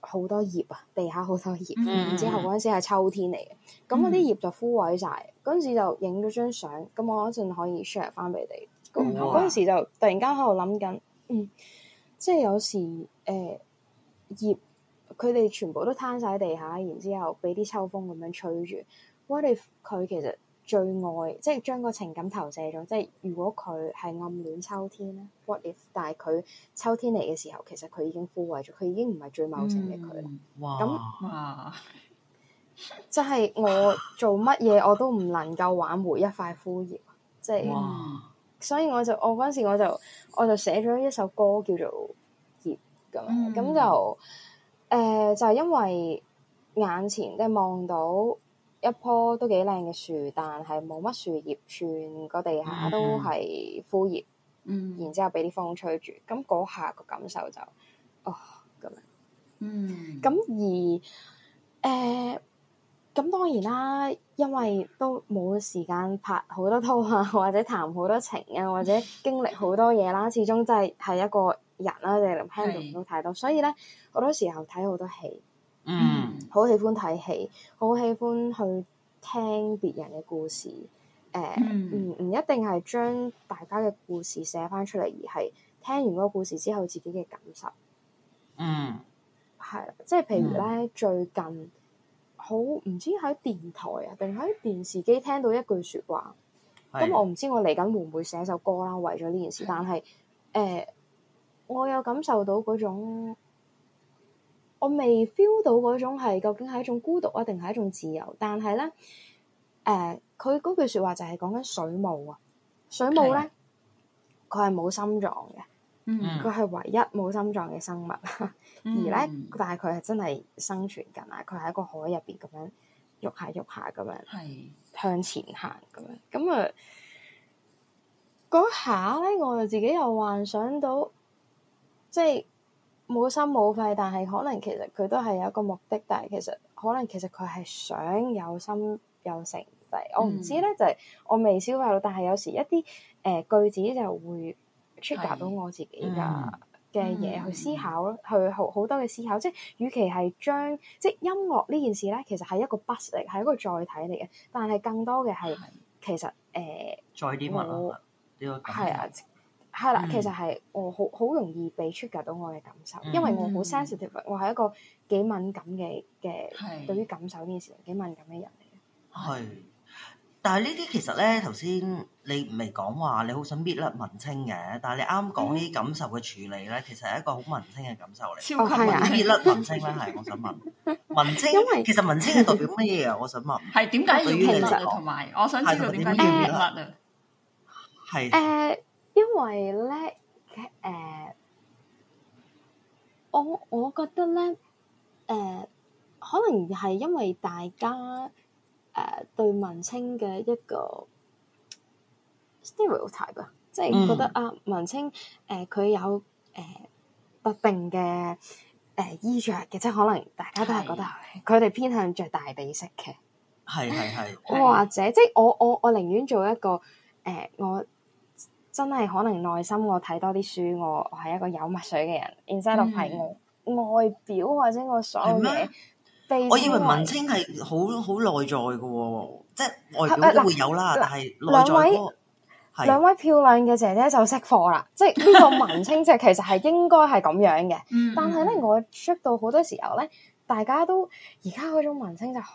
好多葉啊，地下好多葉，多葉 mm hmm. 然後之後嗰陣時係秋天嚟嘅，咁嗰啲葉就枯萎晒。嗰陣時就影咗張相，咁我嗰陣可以 share 翻俾你，嗰陣、mm hmm. 時就突然間喺度諗緊，嗯，即係有時誒、呃、葉。佢哋全部都攤晒喺地下，然之後俾啲秋風咁樣吹住。What if 佢其實最愛即係將個情感投射咗，即係如果佢係暗戀秋天咧。What if 但係佢秋天嚟嘅時候，其實佢已經枯萎咗，佢已經唔係最茂盛嘅佢啦。咁即係我做乜嘢我都唔能夠挽回一塊枯葉，即係哇、就是、所以我就我嗰陣時我就我就寫咗一首歌叫做《葉》咁樣，咁就。哇嗯。誒、呃、就係、是、因為眼前即係望到一棵都幾靚嘅樹，但係冇乜樹葉，全個地下都係枯葉，嗯，然之後俾啲風吹住，咁嗰下個感受就哦咁樣，嗯，咁而誒咁、呃、當然啦，因為都冇時間拍好多拖啊，或者談好多情啊，或者經歷好多嘢啦，始終即係係一個。人啦、啊，即能聽到唔到太多，的所以咧好多時候睇好多戲，嗯，好、嗯、喜歡睇戲，好喜歡去聽別人嘅故事，誒、呃，唔唔、嗯、一定係將大家嘅故事寫翻出嚟，而係聽完嗰個故事之後自己嘅感受。嗯，係即係譬如咧，嗯、最近好唔知喺電台啊，定喺電視機聽到一句說話，咁的、嗯、我唔知我嚟緊會唔會寫首歌啦，為咗呢件事，但係誒。呃呃我有感受到嗰種，我未 feel 到嗰種係究竟係一種孤獨啊，定係一種自由？但係咧，誒、呃，佢嗰句說話就係講緊水母啊，水母咧，佢係冇心臟嘅，佢係唯一冇心臟嘅生物，嗯、而咧，但係佢係真係生存緊啊！佢喺個海入邊咁樣，喐下喐下咁樣，係向前行咁樣，咁啊、呃，嗰下咧，我就自己又幻想到。即係冇心冇肺，但係可能其實佢都係有一個目的，但係其實可能其實佢係想有心有成績。我唔知咧，嗯、就係我未消化到，但係有時一啲誒、呃、句子就會 trigger 到我自己噶嘅嘢去思考咯，去好好多嘅思考。嗯、即係與其係將即係音樂呢件事咧，其實係一個筆嚟，係一個載體嚟嘅，但係更多嘅係是其實誒、呃、載啲乜啦？呢我個啊。係啦，其實係我好好容易被 trigger 到我嘅感受，因為我好 sensitive，我係一個幾敏感嘅嘅，對於感受呢件事幾敏感嘅人嚟嘅。係，但係呢啲其實咧，頭先你唔係講話，你好想搣甩文青嘅，但係你啱啱講呢啲感受嘅處理咧，其實係一個好文青嘅感受嚟，超級文青，搣甩文青咧，係我想問，文青其實文青係代表乜嘢啊？我想問，係點解要搣甩啊？同埋，我想知道點解要搣甩啊？係誒。因為咧，誒、呃，我我覺得咧，誒、呃，可能係因為大家誒、呃、對文青嘅一個 stereotype 啊，即係覺得啊、嗯、文青誒佢、呃、有誒特、呃、定嘅誒衣著嘅，即係可能大家都係覺得佢，哋是偏向著大地色嘅，係係係，或者即係我我我，我寧願做一個誒、呃、我。真係可能內心我睇多啲書，我我係一個有墨水嘅人，inside 係我外表或者我所有嘢。被。我以為文青係好好內在嘅，即係外表都會有啦，但係內在兩位兩位漂亮嘅姐姐就識貨啦，即係呢個文青就其實係應該係咁樣嘅。但係咧，我出到好多時候咧，大家都而家嗰種文青就好。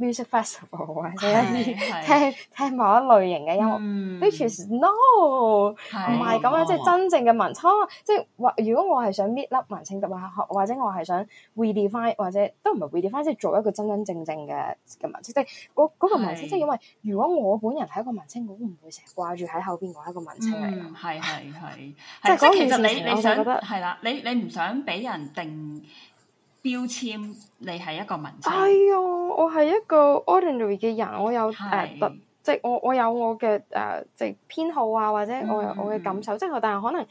Music Festival 或者一啲聽聽某一類型嘅音樂，which is no，唔係咁樣，即係真正嘅文青，即係或如果我係想搣粒文青嘅話，或者我係想 redefine，或者都唔係 redefine，即係做一個真真正正嘅嘅文青，即係嗰個文青，即係因為如果我本人係一個文青，我都唔會成日掛住喺後邊嗰一個文青嚟。係係係，即係其實你你就覺得，係啦，你你唔想俾人定。標籤，你係一個文青。係啊、哎，我係一個 ordinary 嘅人，我有誒是、呃、即係我我有我嘅誒、呃，即係偏好啊，或者我有我嘅感受，嗯、即我，但係可能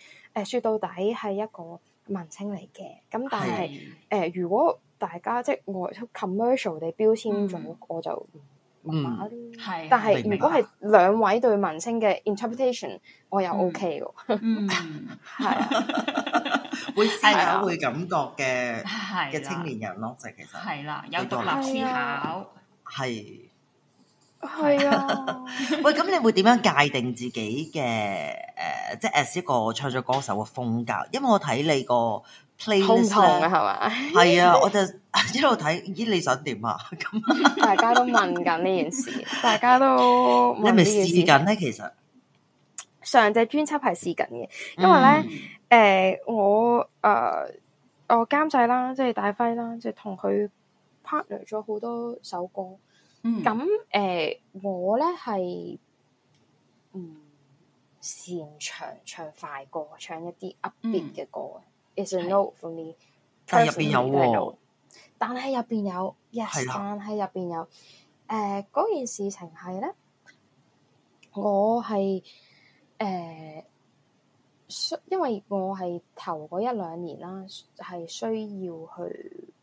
誒說、呃、到底係一個文青嚟嘅，咁但係誒是、呃、如果大家即係外出 commercial 地標籤咗，嗯、我就。嗯，係，但係如果係兩位對文青嘅 interpretation，我又 OK 喎。嗯，係啊，會係有會感覺嘅，係嘅青年人咯，即係其實係啦，有獨立思考，係係啊。喂，咁你會點樣界定自己嘅誒？即係 as 一個唱作歌手嘅風格？因為我睇你個。好 Play 痛啊，係嘛吧？係啊，我就一路睇，咦，你想點啊？咁大家都問緊呢件事，大家都你咪試緊咧？其實上隻專輯係試緊嘅，嗯、因為咧，誒、呃，我誒、呃，我監製啦，即係戴輝啦，即係同佢 partner 咗好多首歌。嗯，咁誒、呃，我咧係唔擅長唱快歌，唱一啲 upbeat 嘅歌嘅。嗯 It's a no for me。Yes, 是的 但係入邊有喎，但係入邊有 yes，但係入邊有誒嗰件事情係咧，我係誒、呃、因為我係頭嗰一兩年啦，係需要去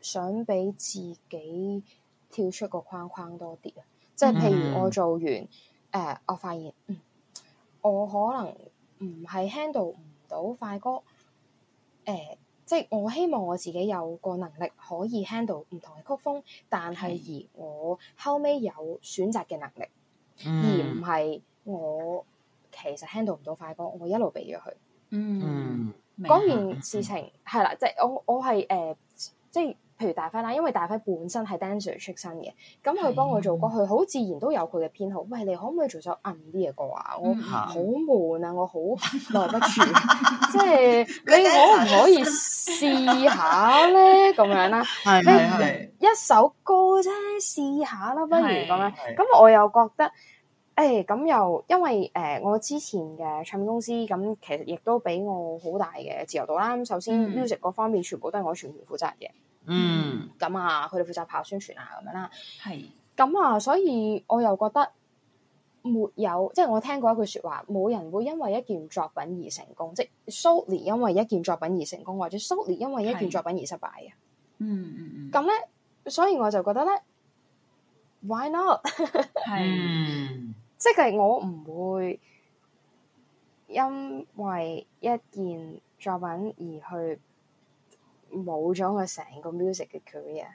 想俾自己跳出個框框多啲啊。即、就、係、是、譬如我做完誒、嗯呃，我發現、嗯、我可能唔係 handle 唔到快歌。誒、呃，即係我希望我自己有個能力可以 handle 唔同嘅曲風，但係而我後尾有選擇嘅能力，嗯、而唔係我其實 handle 唔到快歌，我一路俾咗佢。嗯，嗰件事情係啦，即係我我係誒、呃，即係。譬如大輝啦，因為大輝本身係 dancer 出身嘅，咁佢幫我做歌，佢好自然都有佢嘅偏好。喂，你可唔可以做首暗啲嘅歌啊？我好悶啊，我好耐不住。 即係你可唔可以試下咧？咁樣啦，啊，係係係一首歌啫，試下啦，不如咁樣。咁 我又覺得，誒、哎，咁又因為誒、呃，我之前嘅唱片公司咁，其實亦都俾我好大嘅自由度啦。咁首先 music 嗰，嗯、方面全部都係我全權負責嘅。Mm. 嗯，咁啊，佢哋負責跑宣傳啊，咁是樣啦。係。咁啊，所以我又覺得沒有，即係我聽過一句說話，冇人會因為一件作品而成功，即係 solely 因為一件作品而成功，或者 solely 因為一件作品而失敗嘅。嗯嗯嗯。咁咧，所以我就覺得咧，why not？係，即係我唔會因為一件作品而去。冇咗我成個 music 嘅 career，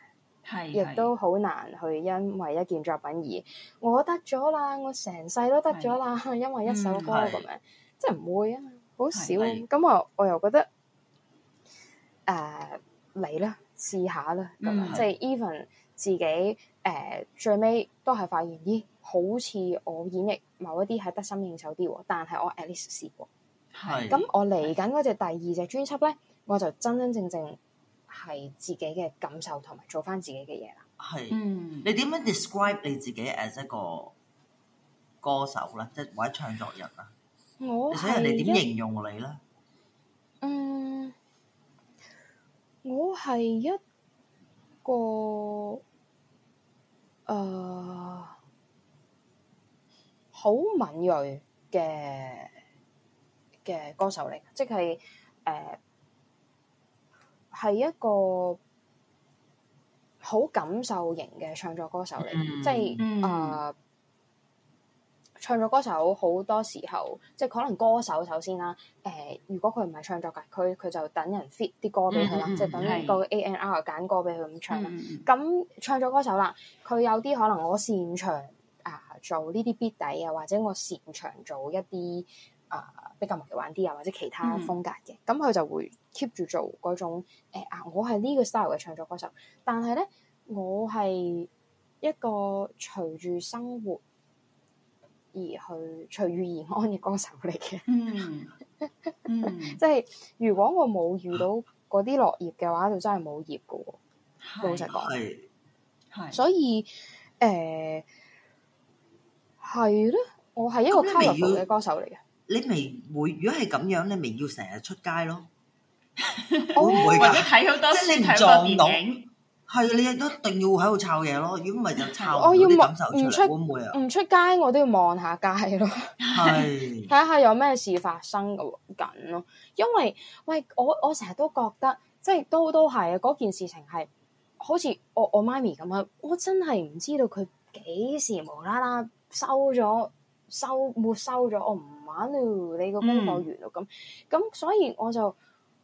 係亦都好難去因為一件作品而我得咗啦，我成世都得咗啦，是 因為一首歌咁樣是 是，即係唔會啊，好少咁啊是是我！我又覺得誒嚟啦，試、呃、下啦，是 即係 even 自己誒、呃、最尾都係發現，咦，好似我演繹某一啲係得心應手啲，但係我 at least 試過，係咁是 是 我嚟緊嗰隻第二隻專輯咧。我就真真正正係自己嘅感受，同埋做翻自己嘅嘢啦。係，嗯，你點樣 describe 你自己？as 一個歌手啦，即係或者唱作人啊。我睇人哋點形容你咧？嗯，我係一個誒好、呃、敏銳嘅嘅歌手嚟，即係誒。呃係一個好感受型嘅唱作歌手嚟，嗯、即係啊，唱、uh, 作歌手好多時候，即係可能歌手首先啦，誒、呃，如果佢唔係唱作嘅，佢佢就等人 fit 啲歌俾佢啦，嗯、即係等個 A&R 揀歌俾佢咁唱啦。咁、嗯、唱作歌手啦，佢有啲可能我擅長啊做呢啲 beat 底啊，或者我擅長做一啲。啊，比較文青啲啊，或者其他風格嘅，咁佢、嗯、就會 keep 住做嗰種誒、哎、啊！我係呢個 style 嘅唱作歌手，但係咧，我係一個隨住生活而去隨遇而安嘅歌手嚟嘅。即係、嗯嗯、 如果我冇遇到嗰啲落葉嘅話就真係冇葉嘅，老實講，係，係，所以誒係咯，我係一個 colourful 嘅歌手嚟嘅。你咪會如果係咁樣，你咪要成日出街咯，我唔會或者睇好多新上嘅電影，係你一定要喺度抄嘢咯。如果唔係就抄，我要感受，唔出唔出街，我都要望下街咯。係，睇下有咩事發生緊咯。因為喂，我我成日都覺得，即係都都係啊！嗰件事情係好似我我媽咪咁啊，我真係唔知道佢幾時無啦啦收咗。收沒收咗？我唔玩了，你個工作完咯，咁咁，所以我就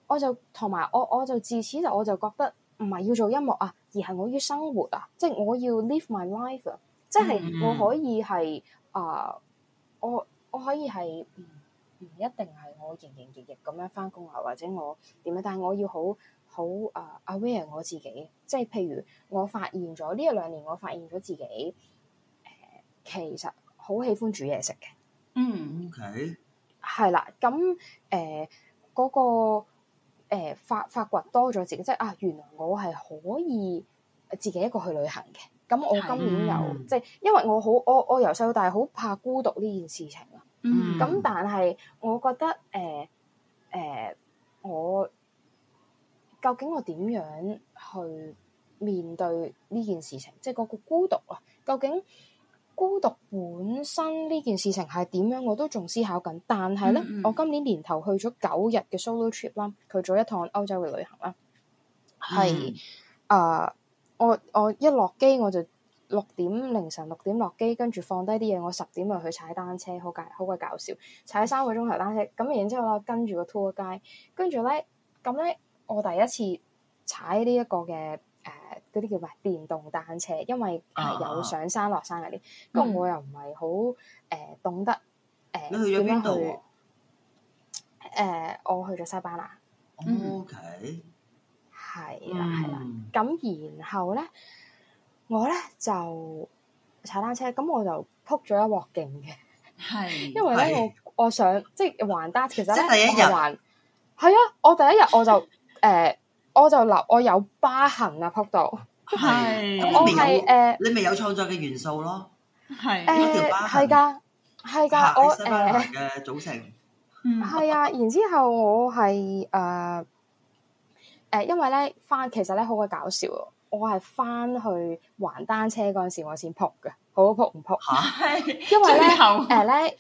我就同埋我我就自此就我就覺得唔係要做音樂啊，而係我要生活啊，即係我要 live my life 啊，即係我可以係啊、呃，我我可以係唔唔一定係我營營役役咁樣返工啊，或者我點樣，但係我要好好啊 aware 我自己，即係譬如，我發現咗呢一兩年，我發現咗自己誒、呃，其實。好喜歡煮嘢食嘅，嗯，OK，係啦，咁誒嗰個誒、呃、發、發掘多咗自己，即係啊，原來我係可以自己一個去旅行嘅。咁我今年有，嗯、即係因為我好，我我由細到大好怕孤獨呢件事情啊。咁、嗯、但係我覺得誒誒、呃呃，我究竟我點樣去面對呢件事情？即係嗰個孤獨啊？究竟？孤獨本身呢件事情係點樣，我都仲思考緊。但係呢，mm hmm. 我今年年頭去咗九日嘅 solo trip 啦，去咗一趟歐洲嘅旅行啦。係啊、mm hmm. uh，我我一落機我就六點凌晨六點落機，跟住放低啲嘢，我十點咪去踩單車，好搞好鬼搞笑，踩三個鐘頭單車。咁然之後啦，跟住個 tour guide 跟住呢。咁呢，呢，我第一次踩呢一個嘅。嗰啲叫咩？電動單車，因為有上山落山嗰啲，咁、啊啊、我又唔係好誒懂得誒點、呃、樣去誒、呃、我去咗西班牙。OK，係啦係啦，咁、嗯、然後咧，我咧就踩單車，咁我就撲咗一鑊勁嘅，係是，因為咧的我我想即係環單，其實呢第我，還我第一日係啊，我第一日我就誒。啊啊 我就留我有疤痕啊，撲到。係，我係誒，你咪有、呃、有創作嘅元素咯。係是。誒，係㗎，係㗎，我誒。嘅組成。呃、嗯。係啊，然之後我係誒誒，因為咧翻，其實咧好鬼搞笑，我係翻去還單車嗰陣時我，我先撲嘅，好撲唔撲？係。因為咧誒咧。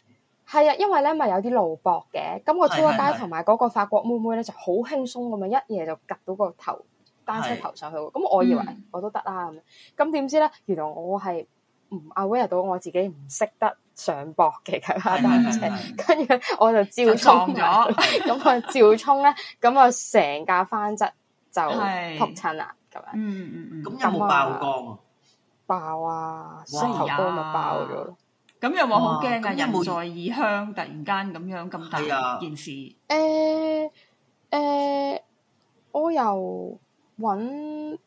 係啊，因為咧咪有啲路駁嘅，咁我超哥姐同埋嗰個法國妹妹咧就好輕鬆咁樣一夜就夾到個頭單車頭上去，咁的我以為我都得啦咁，咁點知咧，原來我係唔 aware 到我自己唔識得上駁嘅其他單車，跟住的我就照衝咗，咁啊碰 照衝咧，咁啊成架翻側就仆親啦，咁的樣，嗯嗯嗯，咁、嗯嗯、有冇爆肚光啊？爆啊，哇！頭光咪爆咗咯～咁、哦、有冇好驚啊？人在異鄉，突然間咁樣咁大件事。誒誒，我由揾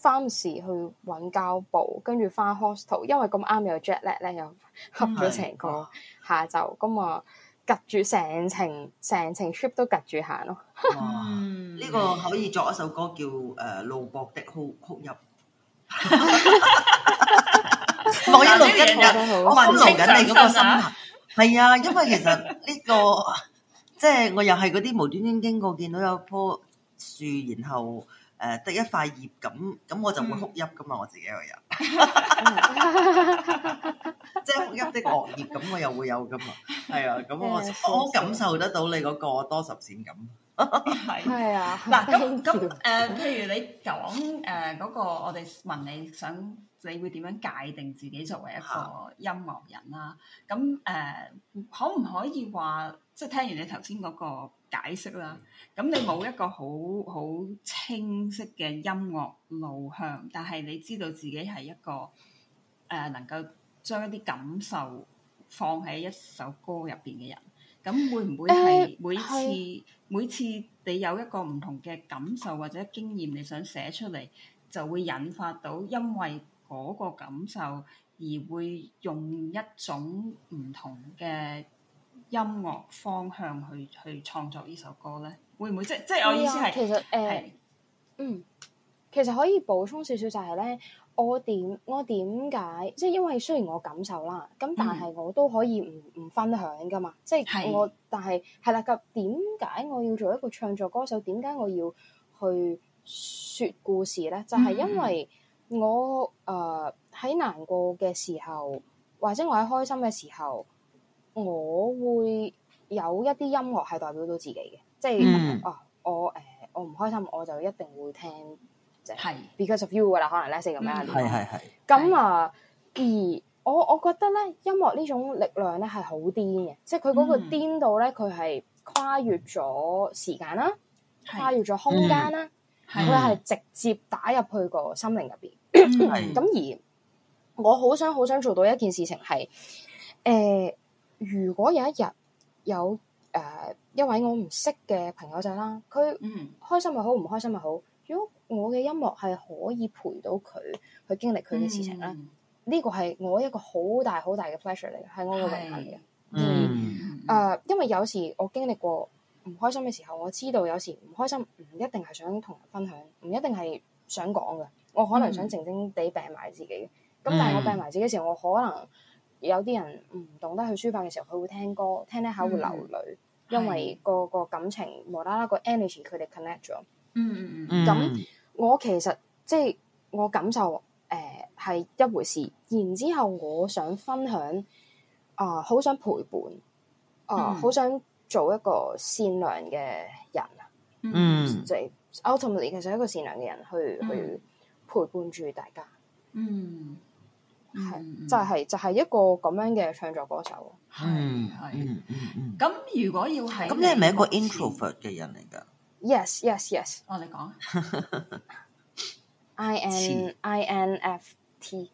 f a 去揾膠布，跟住翻 hostel，因為咁啱有 jet lag 咧，呢又黑咗成個下晝，咁啊、嗯，隔住成程成程 trip 都隔住行咯。呢、 這個可以作一首歌，叫《誒、呃、路博迪哭泣。》 我一路一日，have tinc 我深烙緊你嗰個心痕。係啊，因為其實呢、這個即係 我又係嗰啲無端端經過見到有棵樹，然後誒得、啊、一塊葉咁，咁我就會哭泣噶嘛，我自己個人。即係哭泣的落葉，咁我又會有噶嘛？係啊，咁我我感受得到你嗰個多愁善感。係 對 啊，嗱，咁咁誒，譬、呃、如你講誒嗰個，我哋問你想。你會點樣界定自己作為一個音樂人啦、啊？咁誒、呃，可唔可以話，即係聽完你頭先嗰個解釋啦？咁、嗯、你冇一個好好清晰嘅音樂路向，但係你知道自己係一個誒、呃、能夠將一啲感受放喺一首歌入邊嘅人，咁會唔會係每次、嗯、每次你有一個唔同嘅感受或者經驗，你想寫出嚟就會引發到因為，嗰個感受，而會用一種唔同嘅音樂方向去去創作呢首歌咧，會唔會？即係即係我意思係，其實誒，呃、的嗯，其實可以補充少少就係、是、咧，我點我點，我點解？即因為雖然我感受啦，咁但係我都可以唔唔分享噶嘛。即我的但係係啦，咁點解我要做一個唱作歌手？點解我要去説故事咧？就係、是、因為。嗯我誒喺、呃、難過嘅時候，或者我喺開心嘅時候，我會有一啲音樂係代表到自己嘅，即係、嗯、啊，我誒、呃、我唔開心，我就一定會聽，即係是 Because of you 噶啦，可能咧 Let it go 咩係係係咁啊，而我我覺得咧，音樂呢種力量咧係好癲嘅，即係佢個癲度咧，佢係、嗯、跨越咗時間啦，跨越咗空間啦，佢係、嗯嗯、直接打入去個心靈入邊。係咁咳咳而我好想好想做到一件事情係誒、呃，如果有一日有誒、呃、一位我唔識嘅朋友仔啦，佢開心又好，唔開心又好。如果我嘅音樂係可以陪到佢去經歷佢嘅事情咧，呢個係我一個好大好大嘅 pleasure 嚟嘅，係我嘅榮幸嘅。嗯，誒、呃，因為有時我經歷過唔開心嘅時候，我知道有時唔開心唔一定係想同人分享，唔一定係想講嘅。我可能想靜靜地病埋自己，咁但係我病埋自己嘅時候，嗯、我可能有啲人唔懂得去抒發嘅時候，佢會聽歌，聽一下會流淚，嗯、因為、嗰個是的 個感情無啦啦個 energy 佢哋 connect 咗。嗯嗯嗯。咁我其實即係、就是、我感受誒係、呃、一回事，然之後我想分享啊，好、呃、想陪伴，啊、呃、好、嗯、想做一個善良嘅人，嗯，即係、嗯、ultimately 其實係一個善良嘅人去去。陪伴住大家，嗯，係就係就係一個咁樣嘅唱作歌手，係係，咁如果要係，咁你係咪一個 introvert 嘅人嚟噶？Yes，yes，yes。我哋講，I N I N F T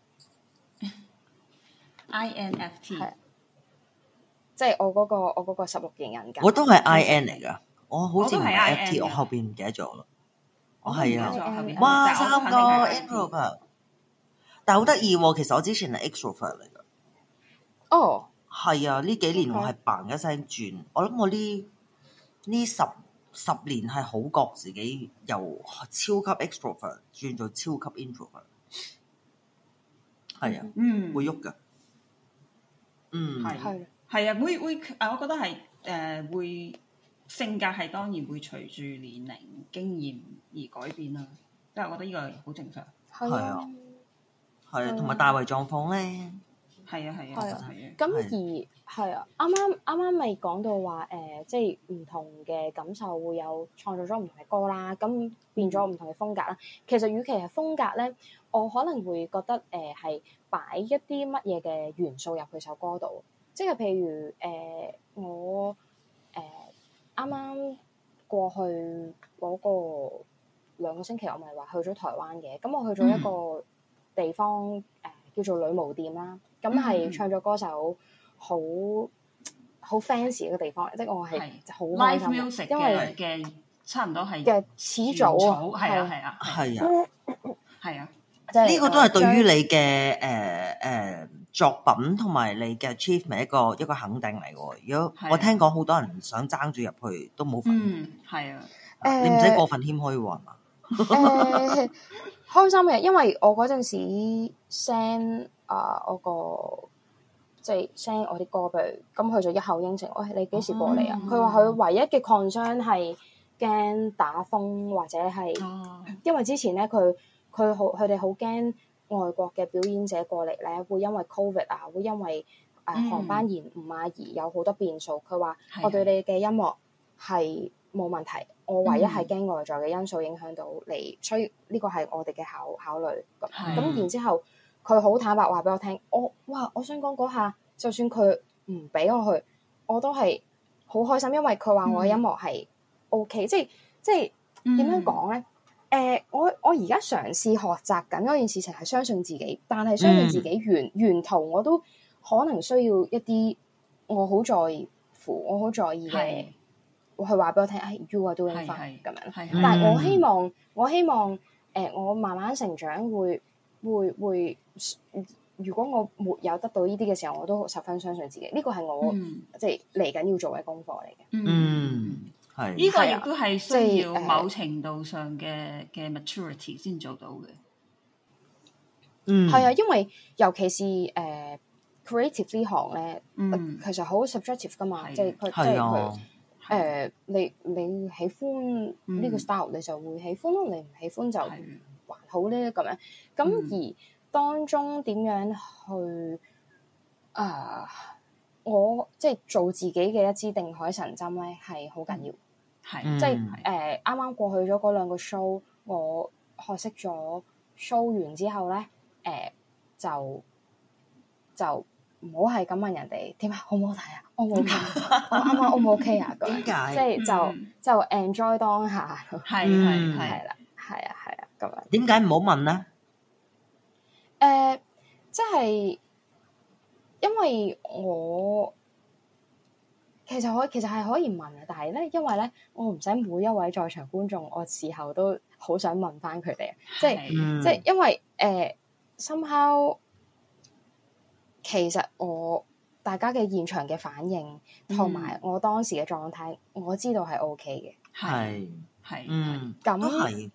I N F T，即係我嗰個我個十六型人格，我都係 I N 嚟噶，我好似唔係 F T，我後邊唔記得咗啦。我係啊，哇三個 introvert，但係好得意喎。其實我之前係 extrovert 嚟㗎。哦，係啊，呢幾年我係嘣一聲轉。我諗我呢呢十十年係好覺自己由超級 extrovert 轉做超級 introvert。係啊，嗯，會喐㗎。嗯，係係係啊，會會啊，我覺得係誒會。性格係當然會隨住年齡經驗而改變啦，即係我覺得呢個好正常。係啊，係啊，同埋大胃狀況咧，係啊係啊係啊。咁而係啊，啱啱啱啱咪講到話誒，即係唔同嘅感受會有創造咗唔同嘅歌啦，咁變咗唔同嘅風格啦。其實與其係風格咧，我可能會覺得誒係擺一啲乜嘢嘅元素入佢首歌度，即係譬如誒、呃、我。啱啱過去嗰個兩個星期，我咪話去咗台灣嘅，咁我去咗一個地方，誒叫做女巫店啦，咁係唱作歌手，好好 fans 嘅地方，即係我係好 my 開心嘅，因為嘅差唔多係嘅始祖，係啊係啊係啊係啊，呢個都係對於你嘅誒誒。作品同埋你嘅 achievement 一個一個肯定嚟嘅，如果我聽講好的多人想爭住入去都冇份。嗯，係啊，你唔使過分謙虛喎，係嘛？誒，開心嘅，因為我嗰陣時 send 啊，我個即係 send 我啲歌俾佢，咁佢就一口應承。喂、哎，你幾時過嚟啊？佢話佢唯一嘅 concern 係驚打風或者係，嗯、因為之前咧佢佢好佢哋好驚。外國嘅表演者過嚟咧，會因為 COVID 啊，會因為誒航、呃嗯、班延誤啊，而有好多變數。佢話：的我對你嘅音樂係冇問題，的我唯一係驚外在嘅因素影響到你，所以呢個係我哋嘅考考慮。咁的然之後，佢好坦白話俾我聽，我哇！我想講嗰下，就算佢唔俾我去，我都係好開心，因為佢話我嘅音樂係 OK，嗯、即係即係點樣講咧？嗯誒、呃，我我而家嘗試學習緊嗰件事情係相信自己，但係相信自己沿沿途、嗯、我都可能需要一啲我好在乎、我好在意嘅，是去話俾我聽係、哎、you are doing fine 咁樣。但係我希望，嗯、我希望誒、呃，我慢慢成長會會會，會，如果我沒有得到呢啲嘅時候，我都十分相信自己。呢、這個係我、嗯、即係嚟緊要做嘅功課嚟嘅。嗯。呢、啊、個亦都係需要某程度上嘅嘅、啊、maturity 先做到嘅。啊、嗯，係啊，因為尤其是誒、uh, creative 呢行咧，嗯、其實好 subjective 噶嘛，即係佢即係佢誒你你喜歡呢個 style，嗯、你就會喜歡，你唔喜歡就還好咧咁樣，咁、嗯、而當中點樣去誒、啊、我即係、就是、做自己嘅一支定海神針咧，係好緊要。是嗯、即係誒，啱、呃、啱過去咗嗰兩個 show，我學識咗 show 完之後咧，誒、呃、就就唔好係咁問人哋點啊，好唔好睇啊，O 唔 O K？我啱啱 O 唔 O K 啊？點解、 okay 啊？即係就就 enjoy 當下係係係啦，係啊係啊咁樣。點解唔好問呢？誒、呃，即係因為我。其實可其實係可以問嘅，但係咧，因為咧，我唔使每一位在場觀眾，我事後都好想問翻佢哋，是即係、嗯、即係因為誒，somehow 其實我大家嘅現場嘅反應同埋我當時嘅狀態，嗯、我知道係 O K 嘅，係係是嗯，咁樣、嗯、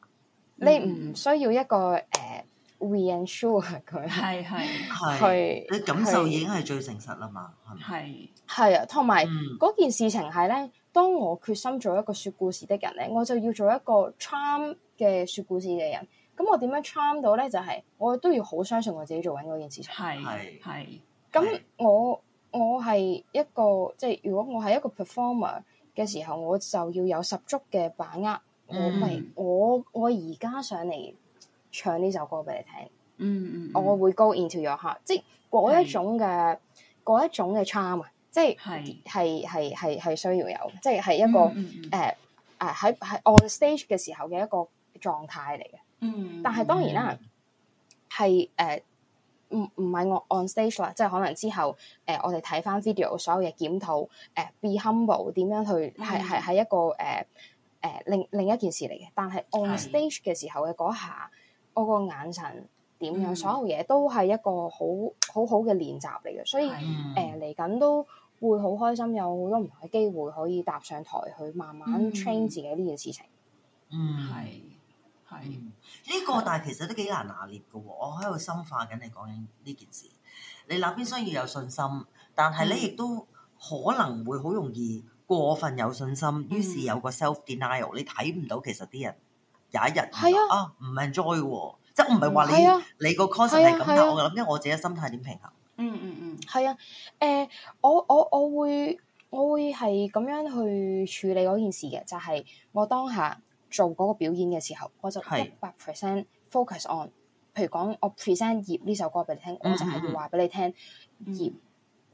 你唔需要一個誒。呃 We ensure 佢係係佢， 是是你感受已經係最誠實啦嘛，係咪是？係係啊，同埋嗰件事情係咧，當我決心做一個說故事的人咧，我就要做一個 charm 嘅說故事嘅人。咁我點樣 charm 到咧？就係、是、我都要好相信我自己做緊嗰件事情。係係是。咁是我我係一個即係，就是、如果我係一個 performer 嘅時候，我就要有十足嘅把握。嗯、我咪我我而家上嚟。唱呢首歌俾你聽，嗯嗯，我會 go into your heart，即係嗰一種嘅嗰一種嘅 charm，即係係係係係需要有，即係係一個誒誒喺喺 on stage 嘅時候嘅一個狀態嚟嘅，嗯。但係當然啦，係誒唔唔係我 on stage 啦，即係可能之後誒我哋睇翻 video 所有嘅檢討，誒 be humble 點樣去係係係一個誒誒另另一件事嚟嘅，但係 on stage 嘅時候嘅嗰下。我個眼神點樣，嗯、所有嘢都係一個好好好嘅練習嚟嘅，所以誒嚟緊都會好開心，有好多唔同嘅機會可以踏上台去慢慢 train 自己呢件事情。嗯，係係呢個，但係其實都幾難拿捏嘅喎。我喺度深化緊你講緊呢件事，你嗱邊需要有信心，但係你亦都可能會好容易過分有信心，於、嗯、是有個 self denial，你睇唔到其實啲人。有一日，係啊，啊唔 enjoy 喎，即係我唔係話你，啊、你個 concept 係咁，但、啊啊、我諗，因為我自己嘅心態點平衡？嗯嗯嗯，係、嗯嗯、啊，誒、呃，我我我會，我會係咁樣去處理嗰件事嘅，就係、是、我當下做嗰個表演嘅時候，我就一百 percent focus on、啊、譬如講我 present 葉呢首歌俾你聽，嗯嗯、我就係要話俾你聽，葉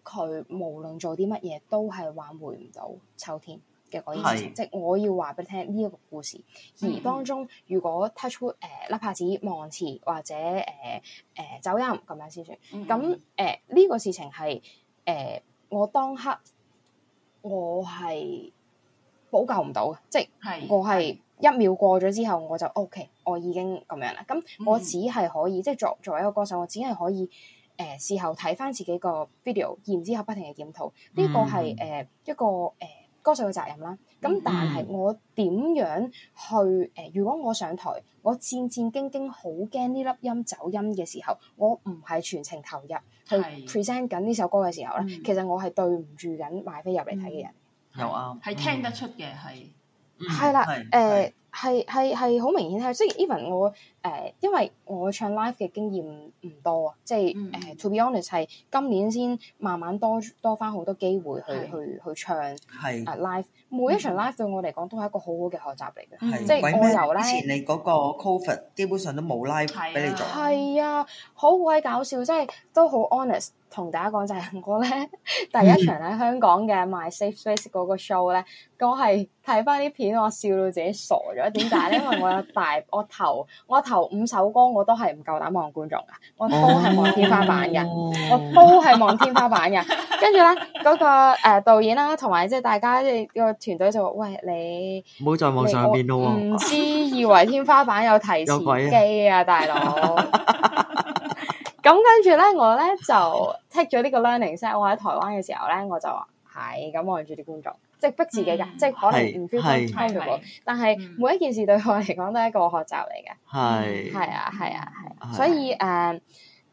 佢、嗯嗯、無論做啲乜嘢都係挽回唔到秋天。嘅嗰啲事情，是即係我要話俾你聽呢一個故事。嗯、而當中，如果 touch 誒甩、呃、拍子忘詞或者誒誒、呃呃、走音咁樣先算。咁誒呢個事情係誒、呃、我當刻我係補救唔到嘅，即係我係一秒過咗之後我就 OK，我已經咁樣啦。咁我只係可以、嗯、即係作作為一個歌手，我只係可以誒、呃、事後睇翻自己個 video，然之後不停嘅檢討呢個係誒、嗯呃、一個誒。呃多數嘅責任啦，咁但係我點樣去？誒、呃，如果我上台，我戰戰兢兢，好驚呢粒音走音嘅時候，我唔係全程投入是去 present 緊呢首歌嘅時候咧，嗯、其實我係對唔住緊買飛入嚟睇嘅人，又啱係聽得出嘅係，係啦，誒。係係係好明顯係，即係 even 我誒、呃、因為我唱 live 嘅經驗唔多啊，即係誒、嗯 uh, to be honest 係今年先慢慢多多翻好多機會去、嗯、去去唱係啊 live 每一場 live 對我嚟講都係一個好好嘅學習嚟嘅，即係我由咧前你個 covid 基本上都冇 live 俾你做係啊，好鬼搞笑，即係都好 honest 同大家講就係、是、我咧第一場喺香港嘅 my safe space 個 show 咧、嗯，我係睇翻啲片我笑到自己傻咗。點解咧？因為我有大我頭我頭五首歌我都係唔夠膽望觀眾噶，我都係望天花板嘅，我都係望天花板嘅。跟住咧，嗰、那個誒、呃、導演啦，同埋即係大家即係個團隊就話喂，你唔好再望上邊咯唔知、啊、以為天花板有提詞機啊，啊大佬哥。咁跟住咧，我咧就 take 咗呢個 learning set。我喺台灣嘅時候咧，我就話係咁望住啲觀眾。即係逼自己㗎，嗯、即係可能唔 feel comfortable 是。但係每一件事對我嚟講都係一個學習嚟嘅。係係是啊，係啊，係啊。啊啊所以誒誒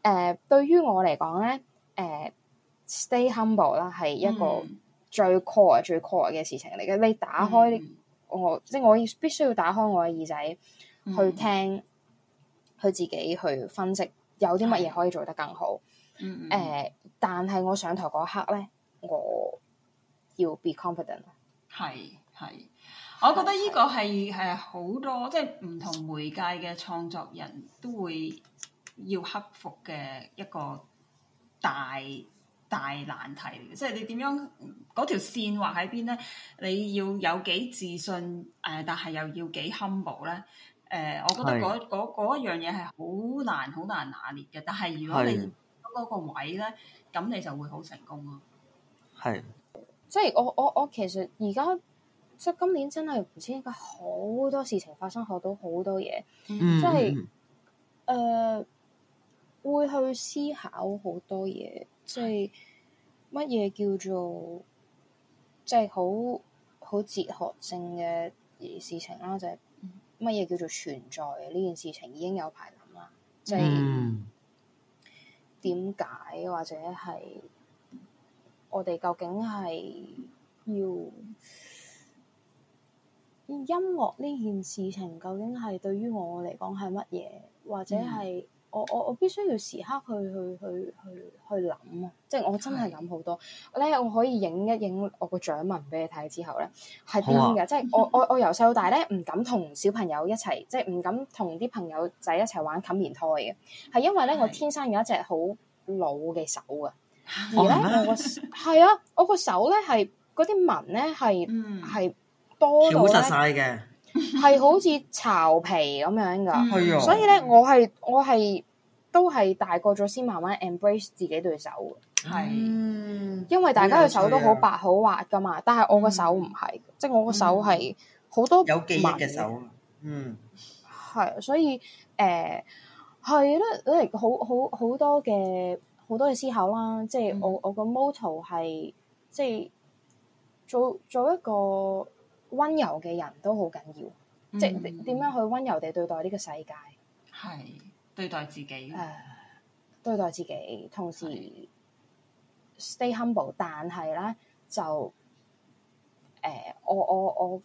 ，uh, uh, 對於我嚟講咧，誒、uh, stay humble 啦、嗯，係一個最 core 最 core 嘅事情嚟嘅。你打開、嗯、我，即係我必須要打開我嘅耳仔去聽，嗯、去自己去分析有啲乜嘢可以做得更好。誒、嗯嗯嗯，但係我上台嗰刻咧，我。我要 be confident 係，係，我覺得呢個係誒好多即係唔同媒介嘅創作人都會要克服嘅一個大大難題。即係你點樣嗰條線畫喺邊咧？你要有幾自信？誒、呃，但係又要幾 humble 咧？誒、呃、我覺得嗰嗰嗰一樣嘢係好難好難拿捏嘅。但係如果你喺嗰是個位咧，咁你就會好成功咯、啊。係。即係我我我其實而家即係今年真係唔知點解好多事情發生，學到好多嘢，嗯、即係誒、呃、會去思考好多嘢，是即係乜嘢叫做即係好好哲學性嘅事情啦，就係乜嘢叫做存在嘅呢件事情已經有排諗啦，即係點解或者係。我哋究竟係要音樂呢件事情，究竟係對於我嚟講係乜嘢，或者係我我我必須要時刻去去去去去諗啊！即係我真係諗好多咧。的我可以影一影我個掌紋俾你睇之後咧，係邊嘅。啊、即係我我我由細到大咧，唔敢同小朋友一齊，即係唔敢同啲朋友仔一齊玩冚棉胎嘅，係因為咧的我天生有一隻好老嘅手啊！而咧 我個係啊，我個手咧係嗰啲紋咧係係多到咧，係好似巢皮咁樣噶。 嗯哦、所以咧我係我係都係大個咗先慢慢 embrace 自己對手嘅。係，嗯、因為大家嘅手都好白好滑噶嘛，但係我個手唔係，嗯、即係我個手係好多紋嘅手。嗯，係，所以誒係啦，你、呃、好好好，好多嘅。好多嘢思考啦，即係我、嗯、我個 motto 係即係做做一個溫柔嘅人都好緊要，嗯、即係點樣去溫柔地對待呢個世界，係對待自己，誒、呃，對待自己，同時是 stay humble，但係咧就誒、呃，我我我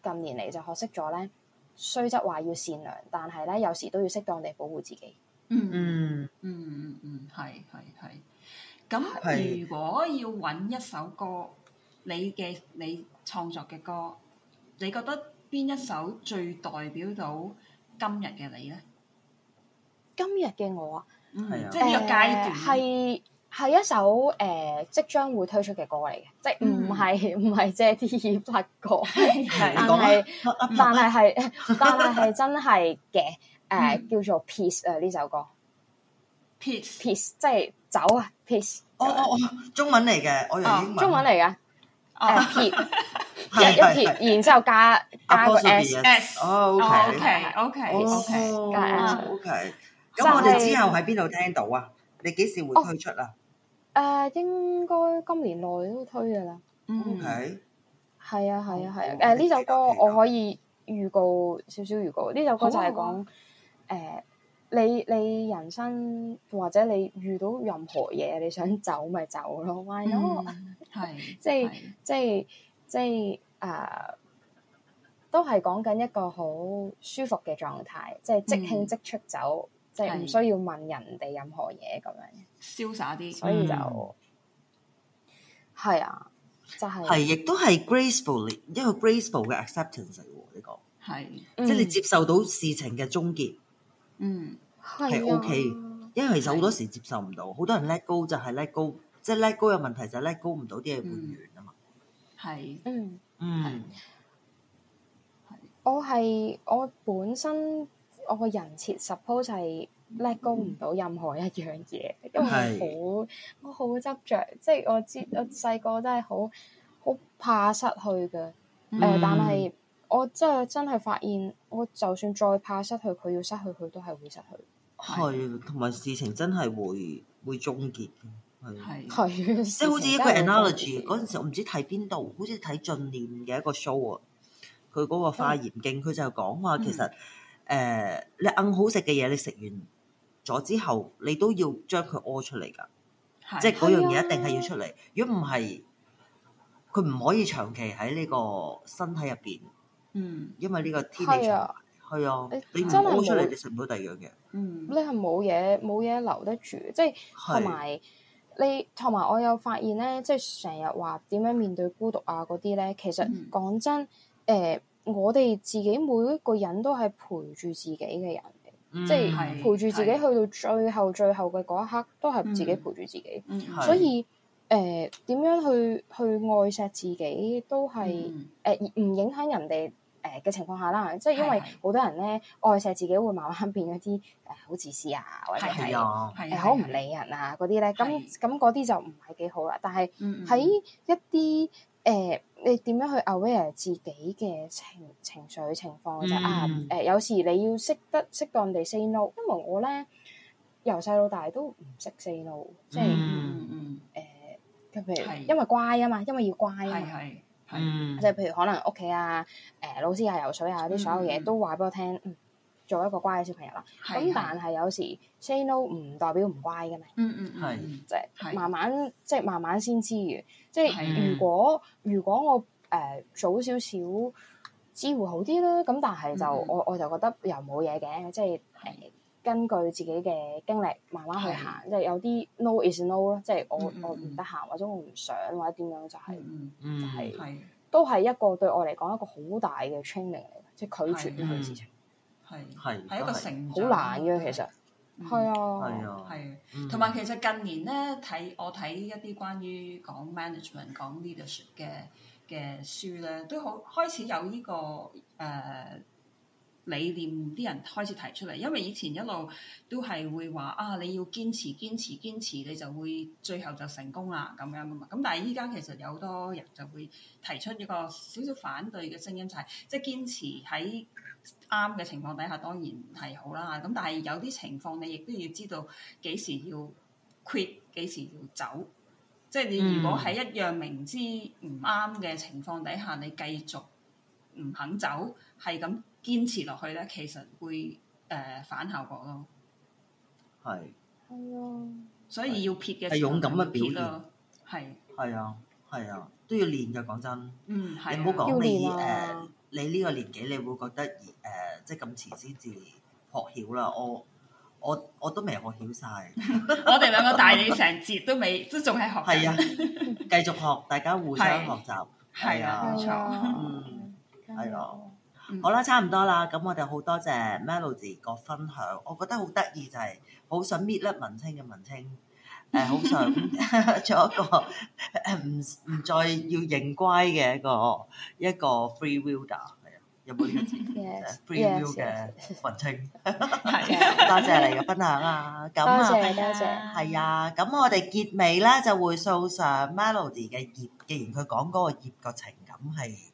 近年嚟就學識咗咧，雖則話要善良，但係咧有時都要適當地保護自己。嗯嗯嗯嗯嗯，係係係。咁如果要揾一首歌，你嘅，你創作嘅歌，你覺得邊一首最代表到今日嘅你咧？今日嘅我啊，係啊，即係呢個階段，係係一首誒即將會推出嘅歌嚟嘅，即係唔係唔係即係啲已發歌，但係但係係但係係真係嘅。誒，叫做 peace 誒呢首歌，peace peace 即係走啊 peace。哦哦哦，中文嚟嘅，我用英文。中文嚟嘅，peace 一一然之後加加個 s s。哦，OK OK OK OK，加 s OK。咁我哋之後喺邊度聽到啊？你幾時會推出啊？誒，應該今年內都推噶啦。OK，係啊，係啊，係啊。誒，呢首歌我可以預告少少預告。呢首歌就係講。誒，你你人生或者你遇到任何嘢，你想走咪走咯。係即係即係即係啊，都係講緊一個好舒服嘅狀態，即係即興即出走，即係唔需要問人哋任何嘢咁樣，瀟灑啲。所以就係啊，就係，係亦都係 gracefully 一個 graceful 嘅 acceptance 嚟，呢個，講即係你接受到事情嘅終結。嗯，係是 OK,、啊，係 O K，因為其實好多時接受唔到，好是多人 let go 就係 let go，即係 let go 嘅問題就係 let go 唔到啲嘢會完啊嘛，係，嗯，是嗯，是我係我本身我個人設 suppose 係 let go 唔到任何一樣嘢，嗯、因為好是我好執着，即係我知我細個真係好好怕失去嘅，誒、呃，嗯、但係。我真係真係發現，我就算再怕失去，佢要失去，佢都係會失去。係的，同埋的事情真係會會終結嘅，係，係，即係好似一個 analogy，嗰陣、嗯、時我唔知睇邊度，好似睇近年嘅一個 show 啊，佢嗰個化驗鏡，佢就講話其實，誒的、呃，你硬好食嘅嘢，你食完咗之後，你都要將佢屙出嚟噶，即係嗰樣嘢一定係要出嚟，如果唔係，佢唔的可以長期喺呢個身體入邊。嗯，因為呢個天氣場，係啊，你真係冇出嚟，你食唔到第二樣嘅。嗯，你係冇嘢，冇嘢留得住，即係同埋你，同埋我有發現咧，即係成日話點樣面對孤獨啊嗰啲咧，其實講真，誒，我哋自己每一個人都係陪住自己嘅人，即係陪住自己去到最後最後嘅嗰一刻，都係自己陪住自己。嗯，係。所以誒，點樣去去愛錫自己，都係誒唔影響人哋。誒嘅情況下啦，即係因為好多人咧愛錫自己會慢慢變咗啲誒好自私啊，或者係誒好唔理人啊嗰啲咧，咁咁嗰啲就唔係幾好啦。但係喺、嗯嗯、一啲誒、呃、你點樣去 aware 自己嘅情情緒情況就、嗯、啊誒，有時你要識得適當地 say no，因為我咧由細到大都唔識 say no，即係誒，譬、嗯就係嗯嗯嗯嗯、如因為乖啊嘛，因為要乖啊嘛。嗯、即係譬如可能屋企啊、誒、呃、老師啊、游水啊啲所有嘢都話俾我聽，嗯，嗯做一個乖嘅小朋友啦。咁的但係有時 say no 唔代表唔乖嘅咩？嗯嗯的嗯，即、就、係、是、慢慢的即係慢慢先知嘅。即係如果的如果我誒、呃、早少少知會好啲啦，咁但係就的我我就覺得又冇嘢嘅，即係。呃根據自己嘅經歷慢慢去行，是即係有啲 no is no 咯，即係、mm hmm. 我我唔得閒或者我唔想或者點樣就係，就係都係一個對我嚟講一個好大嘅 training 嚟，即係拒絕呢個事情，係係係一個成長，好難嘅其實，係、mm hmm. 啊係，同埋其實近年咧睇我睇一啲關於講 management 講 leadership 嘅嘅書咧，都好開始有呢、這個誒。啊啊啊理念啲人開始提出嚟，因為以前一路都係會話啊，你要堅持、堅持、堅持，你就會最後就成功啦咁樣啊嘛。咁但係依家其實有好多人就會提出一個少少反對嘅聲音，就係即係堅持喺啱嘅情況底下，當然係好啦。咁但係有啲情況你亦都要知道幾時要 quit，幾時要走，即係你如果喺一樣明知唔啱嘅情況底下，你繼續唔肯走，係咁。堅持落去咧，其實會誒反效果咯。係。所以要撇嘅。係勇敢嘅表現咯。係。係啊，係啊，都要練嘅。講真。嗯。係。你唔好講你誒，你呢個年紀，你會覺得誒，即係咁遲先至學曉啦。我我我都未學曉晒，我哋兩個大你成節都未，都仲係學。係啊，繼續學，大家互相學習。係啊，冇錯。嗯，係咯。好啦，差唔多啦，咁我哋好多謝 Melody 個分享，我覺得好得意就係、是、好想搣甩文青嘅文青，誒好想做一個誒唔唔再要認乖嘅一個一個 free wilder 係啊，有冇 free wilder 嘅文青，係、yes, yes, yes, yes. 多謝你嘅分享啊，咁啊多，多謝，係啊，咁我哋結尾咧就回溯上 Melody 嘅葉，既然佢講嗰個葉個情感係。